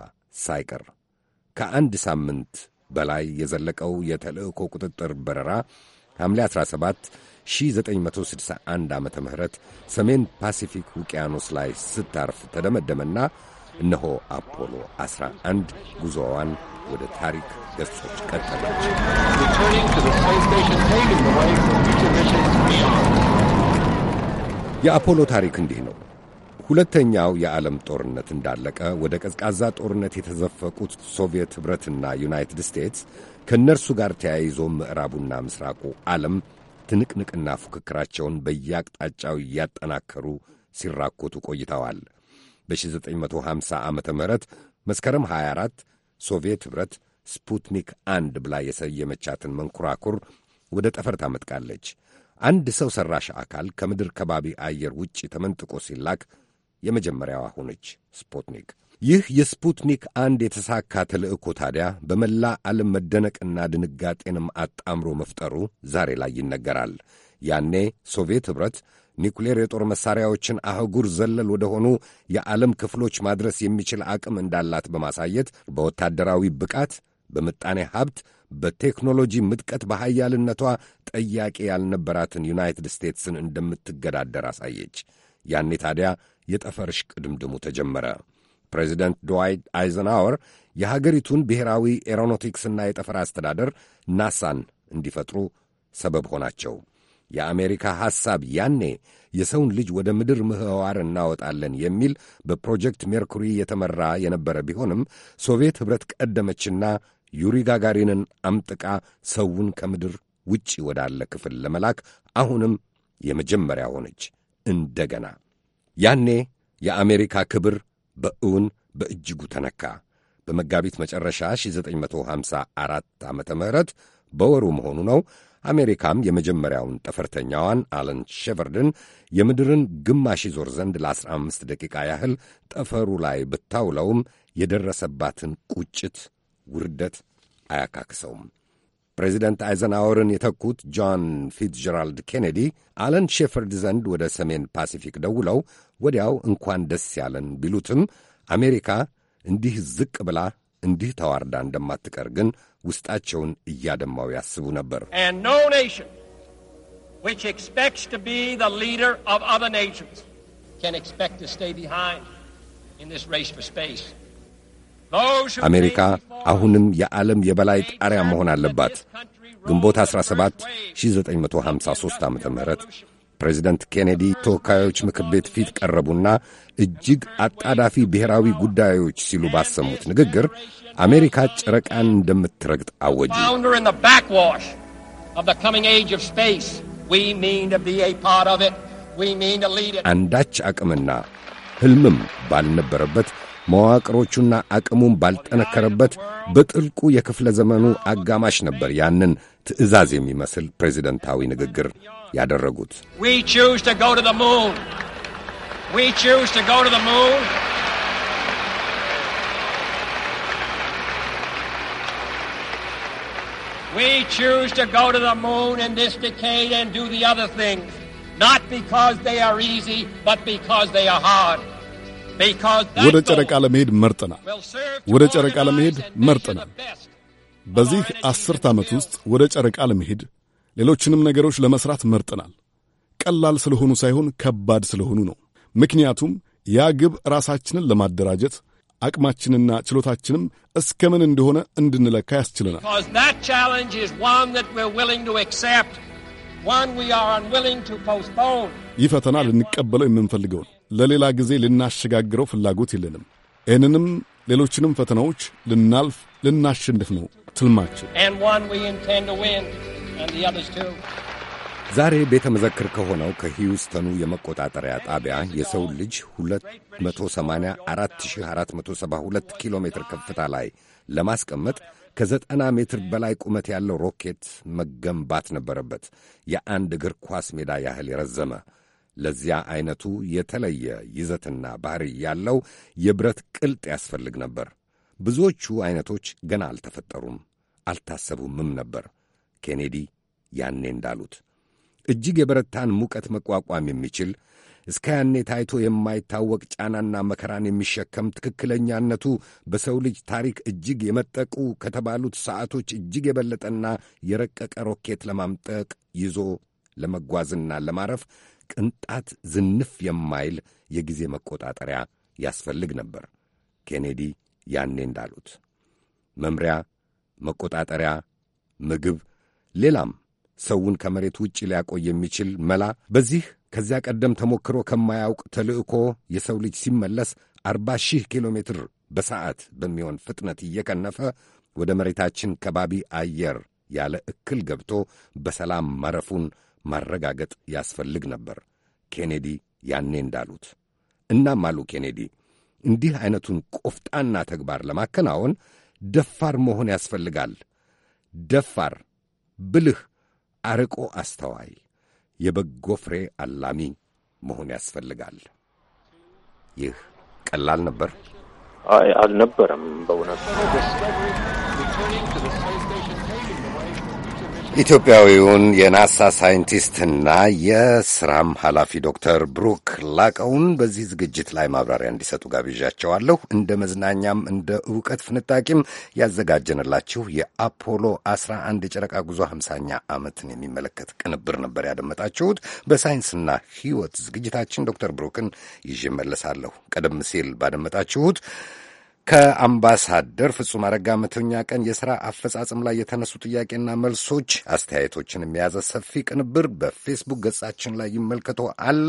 ሳይቀር ከአንድ ሳምንት በላይ የዘለቀው የተልእኮ ቁጥጥር በረራ ሐምሌ 17 1961 ዓ ም ሰሜን ፓሲፊክ ውቅያኖስ ላይ ስታርፍ ተደመደመና እነሆ አፖሎ 11 ጉዞዋን ወደ ታሪክ ገጾች ቀጠለች። የአፖሎ ታሪክ እንዲህ ነው። ሁለተኛው የዓለም ጦርነት እንዳለቀ ወደ ቀዝቃዛ ጦርነት የተዘፈቁት ሶቪየት ኅብረትና ዩናይትድ ስቴትስ ከእነርሱ ጋር ተያይዞ ምዕራቡና ምስራቁ ዓለም ትንቅንቅና ፉክክራቸውን በየአቅጣጫው እያጠናከሩ ሲራኮቱ ቆይተዋል። በ1950 ዓ ም መስከረም 24 ሶቪየት ኅብረት ስፑትኒክ አንድ ብላ የሰየመቻትን መንኮራኩር ወደ ጠፈር ታመጥቃለች። አንድ ሰው ሠራሽ አካል ከምድር ከባቢ አየር ውጭ ተመንጥቆ ሲላክ የመጀመሪያዋ ሆነች። ስፑትኒክ ይህ የስፑትኒክ አንድ የተሳካ ተልእኮ ታዲያ በመላ ዓለም መደነቅና ድንጋጤንም አጣምሮ መፍጠሩ ዛሬ ላይ ይነገራል። ያኔ ሶቪየት ኅብረት ኒውክሌር የጦር መሣሪያዎችን አህጉር ዘለል ወደ ሆኑ የዓለም ክፍሎች ማድረስ የሚችል አቅም እንዳላት በማሳየት በወታደራዊ ብቃት፣ በምጣኔ ሀብት፣ በቴክኖሎጂ ምጥቀት በኃያልነቷ ጠያቂ ያልነበራትን ዩናይትድ ስቴትስን እንደምትገዳደር አሳየች። ያኔ ታዲያ የጠፈርሽ ቅድምድሙ ተጀመረ። ፕሬዚደንት ድዋይት አይዘንሃወር የሀገሪቱን ብሔራዊ ኤሮኖቲክስና የጠፈር አስተዳደር ናሳን እንዲፈጥሩ ሰበብ ሆናቸው። የአሜሪካ ሐሳብ ያኔ የሰውን ልጅ ወደ ምድር ምህዋር እናወጣለን የሚል በፕሮጀክት ሜርኩሪ የተመራ የነበረ ቢሆንም ሶቪየት ኅብረት ቀደመችና ዩሪ ጋጋሪንን አምጥቃ ሰውን ከምድር ውጪ ወዳለ ክፍል ለመላክ አሁንም የመጀመሪያ ሆነች። እንደገና። ያኔ የአሜሪካ ክብር በእውን በእጅጉ ተነካ። በመጋቢት መጨረሻ 1954 ዓ ም በወሩ መሆኑ ነው። አሜሪካም የመጀመሪያውን ጠፈርተኛዋን አለን ሼቨርድን የምድርን ግማሽ ይዞር ዘንድ ለ15 ደቂቃ ያህል ጠፈሩ ላይ ብታውለውም የደረሰባትን ቁጭት፣ ውርደት አያካክሰውም። ፕሬዚደንት አይዘንሃወርን የተኩት ጆን ፊትዝጀራልድ ኬኔዲ አለን ሼፈርድ ዘንድ ወደ ሰሜን ፓሲፊክ ደውለው ወዲያው እንኳን ደስ ያለን ቢሉትም አሜሪካ እንዲህ ዝቅ ብላ እንዲህ ተዋርዳ እንደማትቀር ግን ውስጣቸውን እያደማው ያስቡ ነበር። ሊደር ኦፍ አዘር ኔሽንስ ካን ኤክስፔክት ስቴይ ቢሃይንድ ኢን ዚስ ሬስ ፎር ስፔስ አሜሪካ አሁንም የዓለም የበላይ ጣሪያ መሆን አለባት። ግንቦት 17 1953 ዓ ም ፕሬዚደንት ኬኔዲ ተወካዮች ምክር ቤት ፊት ቀረቡና እጅግ አጣዳፊ ብሔራዊ ጉዳዮች ሲሉ ባሰሙት ንግግር አሜሪካ ጨረቃን እንደምትረግጥ አወጁ። አንዳች አቅምና ሕልምም ባልነበረበት መዋቅሮቹና አቅሙን ባልጠነከረበት በጥልቁ የክፍለ ዘመኑ አጋማሽ ነበር ያንን ትዕዛዝ የሚመስል ፕሬዚደንታዊ ንግግር ያደረጉት። We choose to go to the moon in this decade and do the other things, not because they are easy, but because they are hard. ወደ ጨረቃ ለመሄድ መርጠናል። ወደ ጨረቃ ለመሄድ መርጠናል። በዚህ አስርት ዓመት ውስጥ ወደ ጨረቃ ለመሄድ ሌሎችንም ነገሮች ለመስራት መርጠናል። ቀላል ስለሆኑ ሳይሆን ከባድ ስለሆኑ ነው። ምክንያቱም ያ ግብ ራሳችንን ለማደራጀት አቅማችንና ችሎታችንም እስከምን እንደሆነ እንድንለካ ያስችለናል። ይህ ፈተና ልንቀበለው የምንፈልገው ነው። ለሌላ ጊዜ ልናሸጋግረው ፍላጎት የለንም። ይህንንም ሌሎችንም ፈተናዎች ልናልፍ ልናሸንፍ ነው ትልማችን። ዛሬ ቤተ መዘክር ከሆነው ከሂውስተኑ የመቆጣጠሪያ ጣቢያ የሰው ልጅ 284472 ኪሎ ሜትር ከፍታ ላይ ለማስቀመጥ ከዘጠና ሜትር በላይ ቁመት ያለው ሮኬት መገንባት ነበረበት። የአንድ እግር ኳስ ሜዳ ያህል የረዘመ ለዚያ አይነቱ የተለየ ይዘትና ባህሪ ያለው የብረት ቅልጥ ያስፈልግ ነበር። ብዙዎቹ አይነቶች ገና አልተፈጠሩም፣ አልታሰቡምም ነበር። ኬኔዲ ያኔ እንዳሉት እጅግ የበረታን ሙቀት መቋቋም የሚችል እስከ ያኔ ታይቶ የማይታወቅ ጫናና መከራን የሚሸከም ትክክለኛነቱ በሰው ልጅ ታሪክ እጅግ የመጠቁ ከተባሉት ሰዓቶች እጅግ የበለጠና የረቀቀ ሮኬት ለማምጠቅ ይዞ ለመጓዝና ለማረፍ ቅንጣት ዝንፍ የማይል የጊዜ መቆጣጠሪያ ያስፈልግ ነበር። ኬኔዲ ያኔ እንዳሉት መምሪያ፣ መቆጣጠሪያ፣ ምግብ፣ ሌላም ሰውን ከመሬት ውጭ ሊያቆይ የሚችል መላ በዚህ ከዚያ ቀደም ተሞክሮ ከማያውቅ ተልዕኮ የሰው ልጅ ሲመለስ አርባ ሺህ ኪሎ ሜትር በሰዓት በሚሆን ፍጥነት እየቀነፈ ወደ መሬታችን ከባቢ አየር ያለ እክል ገብቶ በሰላም ማረፉን ማረጋገጥ ያስፈልግ ነበር ኬኔዲ ያኔ እንዳሉት። እናም አሉ ኬኔዲ፣ እንዲህ ዐይነቱን ቆፍጣና ተግባር ለማከናወን ደፋር መሆን ያስፈልጋል። ደፋር፣ ብልህ፣ አርቆ አስተዋይ የበጎ ፍሬ አላሚ መሆን ያስፈልጋል። ይህ ቀላል ነበር? አይ አልነበረም በእውነት ኢትዮጵያዊውን የናሳ ሳይንቲስትና የስራም ኃላፊ ዶክተር ብሩክ ላቀውን በዚህ ዝግጅት ላይ ማብራሪያ እንዲሰጡ ጋብዣቸዋለሁ። እንደ መዝናኛም እንደ እውቀት ፍንጣቂም ያዘጋጀንላችሁ የአፖሎ 11 የጨረቃ ጉዞ 50ኛ ዓመትን የሚመለከት ቅንብር ነበር ያደመጣችሁት። በሳይንስና ሕይወት ዝግጅታችን ዶክተር ብሩክን ይዤ መለሳለሁ። ቀደም ሲል ባደመጣችሁት ከአምባሳደር ፍጹም አረጋ መቶኛ ቀን የሥራ አፈጻጸም ላይ የተነሱ ጥያቄና መልሶች አስተያየቶችን የያዘ ሰፊ ቅንብር በፌስቡክ ገጻችን ላይ ይመልከቶ አለ።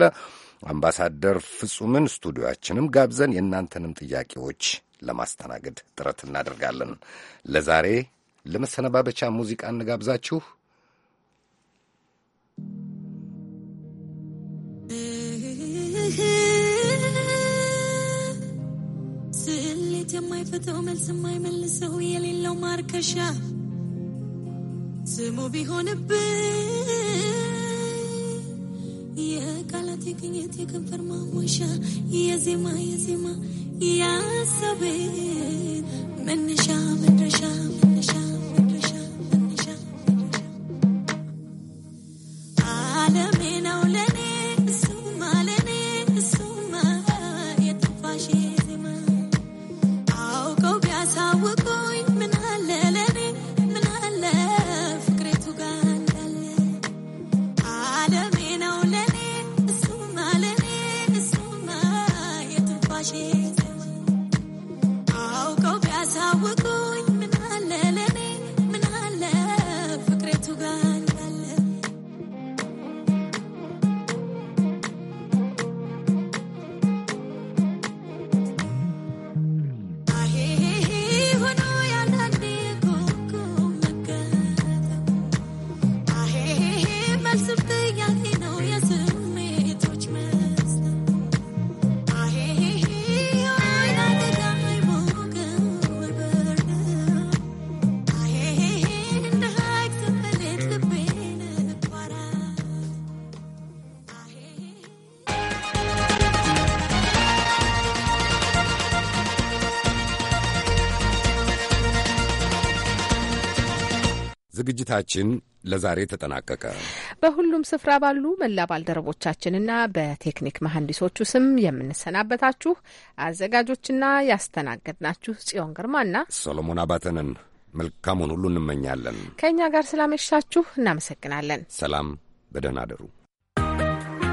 አምባሳደር ፍጹምን ስቱዲዮአችንም ጋብዘን የእናንተንም ጥያቄዎች ለማስተናገድ ጥረት እናደርጋለን። ለዛሬ ለመሰነባበቻ ሙዚቃ እንጋብዛችሁ። [laughs] ስሜት የማይፈተው መልስ የማይመልሰው የሌለው ማርከሻ ስሙ ቢሆንብኝ የቃላት የግኘት የከንፈር ማሞሻ የዜማ የዜማ ያሰቤ መነሻ ዝግጅታችን ለዛሬ ተጠናቀቀ። በሁሉም ስፍራ ባሉ መላ ባልደረቦቻችንና በቴክኒክ መሐንዲሶቹ ስም የምንሰናበታችሁ አዘጋጆችና ያስተናገድናችሁ ጽዮን ግርማና ሶሎሞን አባተንን መልካሙን ሁሉ እንመኛለን። ከእኛ ጋር ስላመሻችሁ እናመሰግናለን። ሰላም፣ በደህና አደሩ።